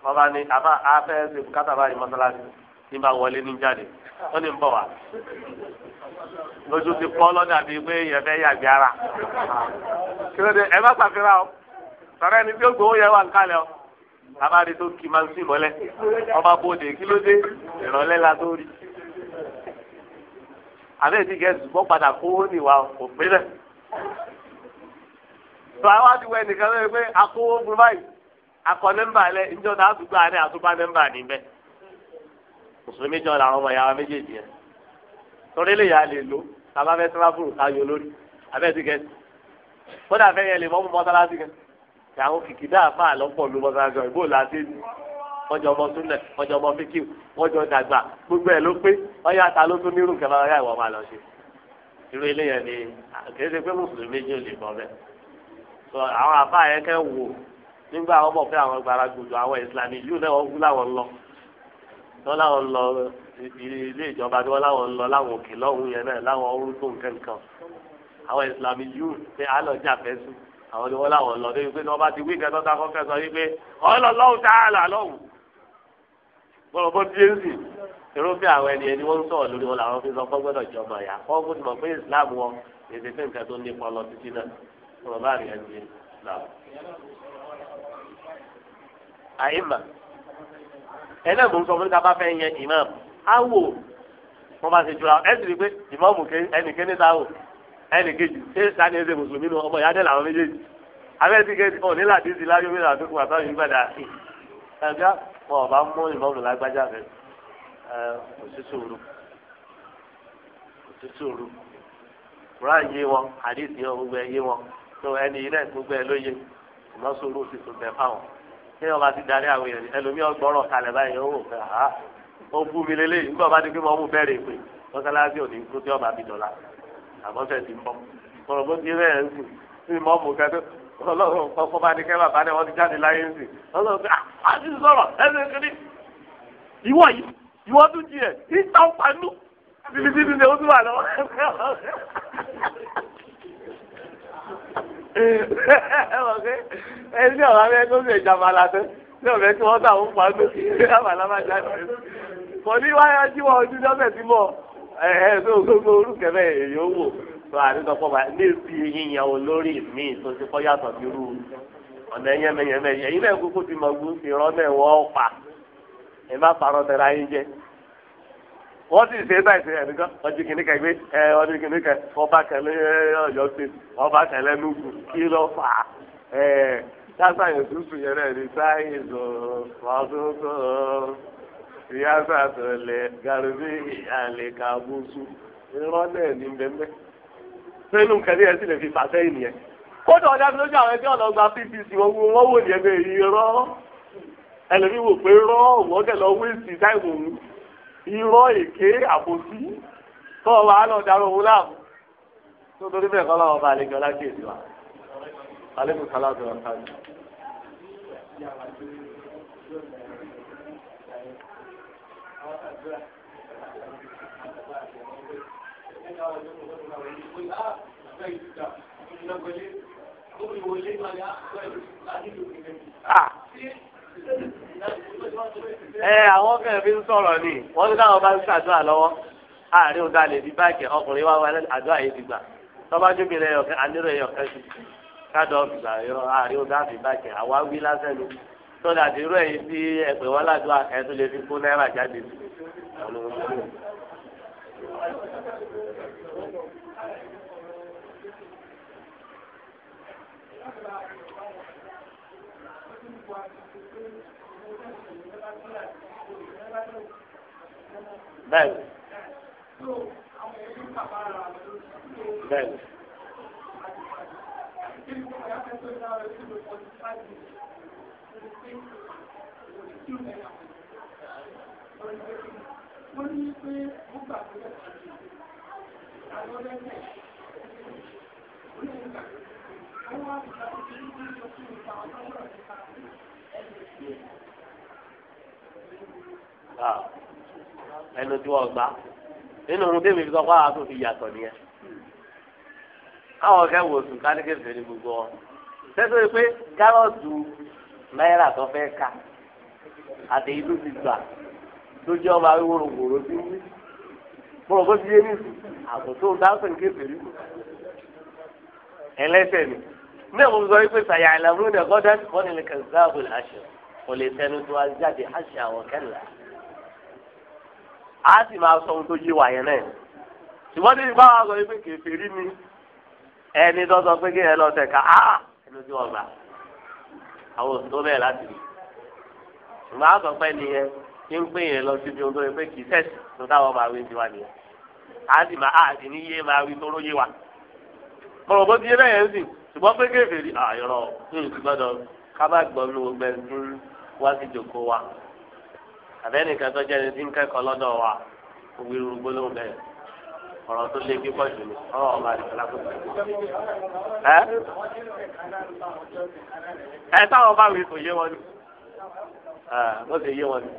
wọ́n bá ní àbá afẹ́ ṣe báyìí mọ́sálásí ní bá wọlé ní jáde ó lè ń bọ̀ wá lójú ti pọ́ lọ́dà bíi pé èèyàn fẹ́ yàgbé ara kí ló dé ẹ o sọ̀rọ̀ ẹni tí ó gbowó yẹ wà ń kalẹ̀ o abáde tó kì máa ń ọba bòde kí ló dé ìrọ̀lẹ́ la tó rí àbẹ́ ti gẹ̀ ṣùgbọ́n padà kò pé tó àwọn àti wẹ̀ nìkan lóye pé akówó báyìí nẹ́mbà a tún nẹ́mbà mùsùlùmí jọ làwọn ọmọ ìyàwó méjèèjì yẹn torí lè yà á lè lò tàbá fẹ́ tíráfù ayò lórí abẹ́ẹ̀tì gẹ̀ẹ́sì kódà fẹ́ yẹn lè mọ́ mú mọ́sálásí gan ìyàwó kìkì dáa fáà lọ́pọ̀ lu mọ́sálásí ìbò làásì ni wọ́n jọ ọmọ súnlẹ̀ wọ́n jọ ọmọ fíkì wọ́n jọ dàgbà gbogbo ẹ̀ ló pé ọyọ ata ló tún nírú kẹfà ọyọ ìwọ máa lọ ṣe irú eléyẹn ni kìí ṣe pé mùsùlùmí méjì ò lè bọ́ bẹ́ẹ̀ sọ àwọn àbá yẹn kẹ́ wò nígbà àwọn ọmọ fẹ́ àwọn gbaragbòdo àwọn ìsìlámì yìí náà wọ́n kú láwọn tí wọ́n láwọn lọ ilé ìjọba tí wọ́n láwọn lọ láwọn òkè lọ́hùn yẹn náà láwọn orúkọ nǹkan kan àwọn ìsìlámù yìí pé àlọ́jà fẹ́sùn àwọn ni wọ́n láwọn lọ débi pé ní wọ́n bá ti wí kẹ́tọ́ tá a kọ́ fẹ́sọ yìí pé ọlọ́ lọ́hùn tá a là lọ́hùn. bọ́lọ̀ bọ́ díẹ̀ sí irúfẹ́ àwọn ẹni ẹni wọ́n ń sọ̀rọ̀ lórí wọn làwọn fi sọ fọ́ gbọ́dọ̀ jọmọ ẹ̀yà fọ́ gbọ́dọ̀ mọ̀ pé ìsìlámù wọn èdè fẹ́ nǹkan tó ní pọ̀ lọ títí náà bọ́lọ̀ bá rí ẹni náà ẹlẹ́yìn mò ń sọ fún ká bá fẹ́ yẹn imam awo wọ́n bá ti jura ẹ sì rí i pé imam ẹnìkan ní ta o ẹnìkejì ṣé sani ẹsẹ mùsùlùmí nu ọmọ ìyá dẹ́lẹ̀ àwọn méjèèjì abẹ́sí kejì ọ̀ nílà dídì láyé mi làdúkù àtàwọn yìí gbàdá ẹ̀dá wọn ọba mú imam lágbájá rẹ ẹ òṣìṣòro òṣìṣòro rà yé wọn àdìsí wọn gbogbo ẹ yé wọn tó ẹni yìí náà gbogbo ẹ lóye ìmọ̀sọ̀rọ̀ òṣìṣòro bẹ̀ fáwọn ṣé ọba ti darí àwọn èèyàn ẹlòmíì ọgbọ́rọ̀ kalẹ̀ báyìí ó wò pé àá ó bú mi lélẹ̀ yìí nígbà bá ti gbé mọ́ mú bẹ́ẹ̀rẹ̀ pé mọ́sálásí òní kú tí ọba mi dọ̀la àbọ̀sẹ̀ ti mọ́ ọ̀rọ̀ bó ti rẹ̀ ń sùn sí mọ́ mú kẹ́tọ́ ọlọ́run kọ́kọ́ bá ní kẹ́ bàbá náà wọ́n ti jáde láyé ń sìn ọlọ́run pé àá ah, ti sọ̀rọ̀ ẹsẹ̀ kiri ìwọ yìí ìwọ tún jí ẹ̀ ìtàn pàánù bìbìbì ni ó tún wà lọ́wọ́ ẹ ní ọ̀rọ̀ abẹ́ tó ṣe ìjàmbá làtẹ́ ní ọ̀rẹ́ tí wọ́n tà ń pa tó ṣe àbàlá máa jáde. kò ní wáyà tí wọ́n ojú lọ́sẹ̀ tí mọ̀ ẹ̀ tó gbogbo orúkẹ́ bẹ́ẹ̀ èyí ó wò tó àdéhùn pọ̀ ní fi yíyan olórí mi tó ti kọ́ yàtọ̀ sí irú ọ̀nà yẹmẹyẹmẹ yẹn ilé kúkú ti mọ̀ gbó fi rọ́ náà pa ẹ má parọ́ tẹ̀ra wọ́n sì ṣe báyìí ṣe ẹ̀nìkan ọjọ́ kìíní kan gbé ẹ ọdún kìíní kan ọba kẹlẹ́ ọ̀yọ́ ṣe ọba kẹlẹ́ nùgù kí ló fà á ẹ sáṣàyàn tútù yẹn náà ní sáyẹ̀dọ̀ ọ̀dọ́dọ̀ ìyáṣà tẹ̀lẹ̀ gàrúbí àlèkàbùsù irọ́ náà ní bẹ́ẹ̀ sínú kẹ́lí ẹ sì lè fi fàṣẹ ìnìyẹn kódà ọjà tó lójú àwọn ẹgbẹ́ ọ̀nà gba pdc wọn wò ní ẹgbẹ́ yìí ẹlẹ́mi wò pé irọ́ èké àbòsí tó ọba á lọ darọ tó torí bẹ́ẹ̀ kọ́ ọba àlejò alágbèsè wa alekun salatu wa Ah. ẹ àwọn fẹ́ẹ̀ fi ń sọ̀rọ̀ ni wọn ní káwọn bá ń a lọ́wọ́ àárín ọ̀gá lè fi báàgì ọkùnrin wá wá àdúrà yìí ti gbà tọ́ba jóbìnrin ẹ̀yọ̀kẹ́ àdúrà ẹ̀yọ̀kẹ́ sí kádọ̀ ọ̀gbà yọ àárín ọ̀gá fi báàgì àwa wí lásán ni tọ́jà ti eyi ẹ̀yìn sí wọn ládùúgbà ẹ̀ lè fi kó bẹ́ẹ̀ bẹ́ẹ̀ ah ẹnu tí wọ́n gbá nínú ohun tẹ́mi fi sọ́kọ́ àwọn tó fi yàtọ̀ nìyẹn. káwọn kẹ́ wò sùn fèrè gbogbo wọn. sẹ́sọ̀ pé kárọ̀tù náírà tó fẹ́ ka àti ìlú ti gbà lójú ọmọ àwọn ìwòròwòrò tí wí. mo bó ti yé nìyí àbòtó dáńsọ̀ ní kéfèrè kù. ẹlẹ́sẹ̀ ni ní ẹ̀kọ́ sọ wípé sàyà ìlànà ìdẹ̀kọ́ dá a sì máa sọ ohun tó yé wa yẹn náà ṣùgbọ́n tí ìgbà wa sọ pé kèfèrí ni ẹni tó sọ pé kéèyàn lọ tẹ̀ka á ẹni tí wọ́n gbà àwọn òṣìṣẹ́ bẹ́ẹ̀ láti rí ṣùgbọ́n a sọ pé nìyẹn kí ń pè yẹn lọ síbi ohun tó yẹ pé kì í sẹ̀sì tó táwọn máa wí tiwa nìyẹn a sì máa a sì ní yé máa wí tóró yé wa kọ̀rọ̀ bó ti yé bẹ́ẹ̀ sì ṣùgbọ́n pé kèfèrí àyọ̀rọ̀ ń gbọ́dọ̀ ká bá gbọ́ àbẹ́nìkan tó jẹ́ ẹni tí ń kẹ́kọ̀ọ́ lọ́dọ̀ wa wíru gbólóhùn bẹ́ẹ̀ ọ̀rọ̀ tó lé kíkọ́ jù ní ọ̀rọ̀ ọba àti ìfọlákùnrin. ẹ táwọn bá wí kò yé wọn ni ló ti yé wọn ni.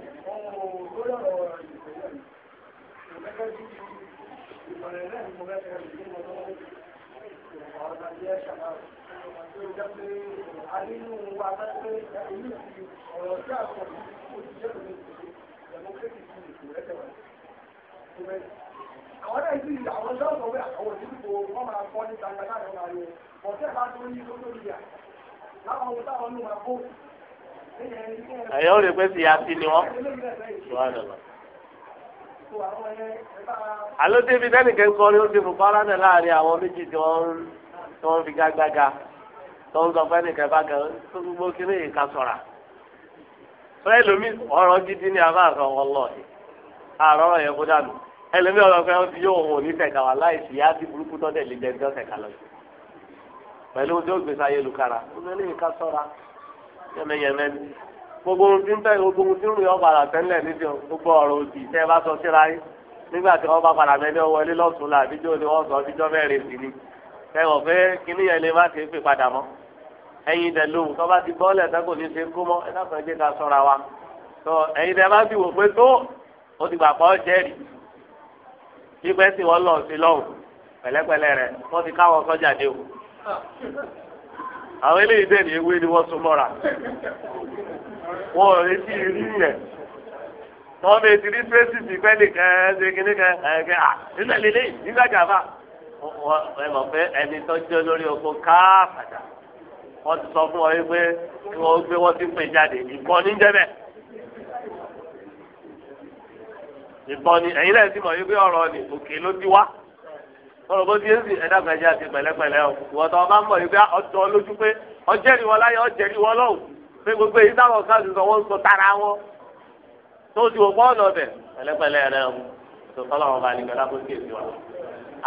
Thank you àwọn náà sì àwọn ṣọ́ọ̀ṣọ́ pé àwọn òṣìṣẹ́ wọn máa kọ́ ní gbangba náà máa yọ ọ̀tẹ́ bá tó ní lójó ìyá láwọn ohun táwọn ló máa kó. ẹ̀yọ́ rẹ̀ pé ti yàtí ni wọ́n. àlóde ibi tẹ́nìkẹ́ ń kọrin ó ti fò fara náà láàrin àwọn méjì tí wọ́n ń fi gágbága tó ń sọ fẹ́nìkẹ́ bá gan tó gbogbo kéré ìka sọ̀ra fún ẹlòmí ọ̀rọ̀ gidi ní abá àkàn wọn lọ yìí àrọ̀rọ̀ yẹn kó dànù ẹlòmí ọ̀rọ̀ fẹ́ ti yóò wọn ní tẹ̀ka wà láì sí yáàbí burúkú tó tẹ̀lé jẹ́ ní ọ̀sẹ̀ kalọ̀ yìí pẹ̀lú tí ó gbèsè ayélujára ọmọ eléyìí ká sọ́ra yẹmẹyẹmẹ ni gbogbo ohun tí ń tẹ gbogbo ohun tí ń rìn ọba àrà tẹ́lẹ̀ níbi gbogbo ọ̀rọ̀ òdì tẹ́ ẹ bá sọ síra yín nígbà tí wọ́n bá padà mẹ́ni wọlé lọ́sùn làbíjọ́ ni wọ́n sọ ọdíjọ́ mẹ́rin sí ni ẹ wọ̀ pé kíní yẹn lè má ti ń padà mọ́ ẹ̀yin dẹ̀ lóhùn tó bá ti bọ́ọ̀lù ẹ̀dá kò ní ṣe kú mọ́ ẹ̀dá kan jẹ́ ká sọ́ra wa tó ẹ̀yin dẹ̀ bá ti wò pé tó o ti gbà pọ̀ jẹ́rì pípẹ́ sí wọn lọ sí lọ́hùn pẹ̀lẹ́pẹ̀lẹ́ rẹ̀ wọ́n ti káwọn sọ́jà dé o àwọn eléyìí dẹ̀ ní ewé ni wọ́n sún mọ́ra wọn ò retí rí yẹn tọ́ mi ti rí tracy ti pẹ́ nìkan ṣe kíní kan à wọ́n ti sọ fún ọ pé kí wọ́n gbé wọ́n ti pè jáde ìbọn ní jẹ́bẹ̀. ìbọn ni ẹ̀yin ti mọ̀ yìí pé ọ̀rọ̀ ni òkè ló ti wá. ọ̀rọ̀ bó ti ń sìn ẹ̀dá jẹ́ àti pẹ̀lẹ́pẹ̀lẹ́ o. tó o bá pé ọjọ́ lójú pé ọjẹ́ láyé ọjẹ́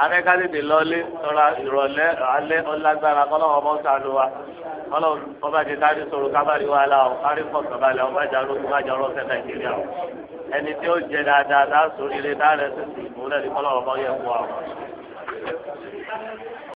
afẹ́kálẹ́dè lọ́lé tọ́ra ìrọ̀lẹ́ alẹ́ ọlágbára kọ́lọ́wọ́ ọmọ sànù wa kọ́lọ́wọ́ ọba ti sáré sọ̀rọ̀ kábàrí wa la ọ̀ kárí pọ̀ sọ̀balẹ̀ ọba jàrú ọba jàrú ọ̀sẹ̀ nàìjíríà o ẹni tí ó jẹ dáadáa tá a sórí ilé tá a rẹ̀ ìmúlẹ̀ ní kọ́lọ́wọ́ ọmọ yẹ fún wa.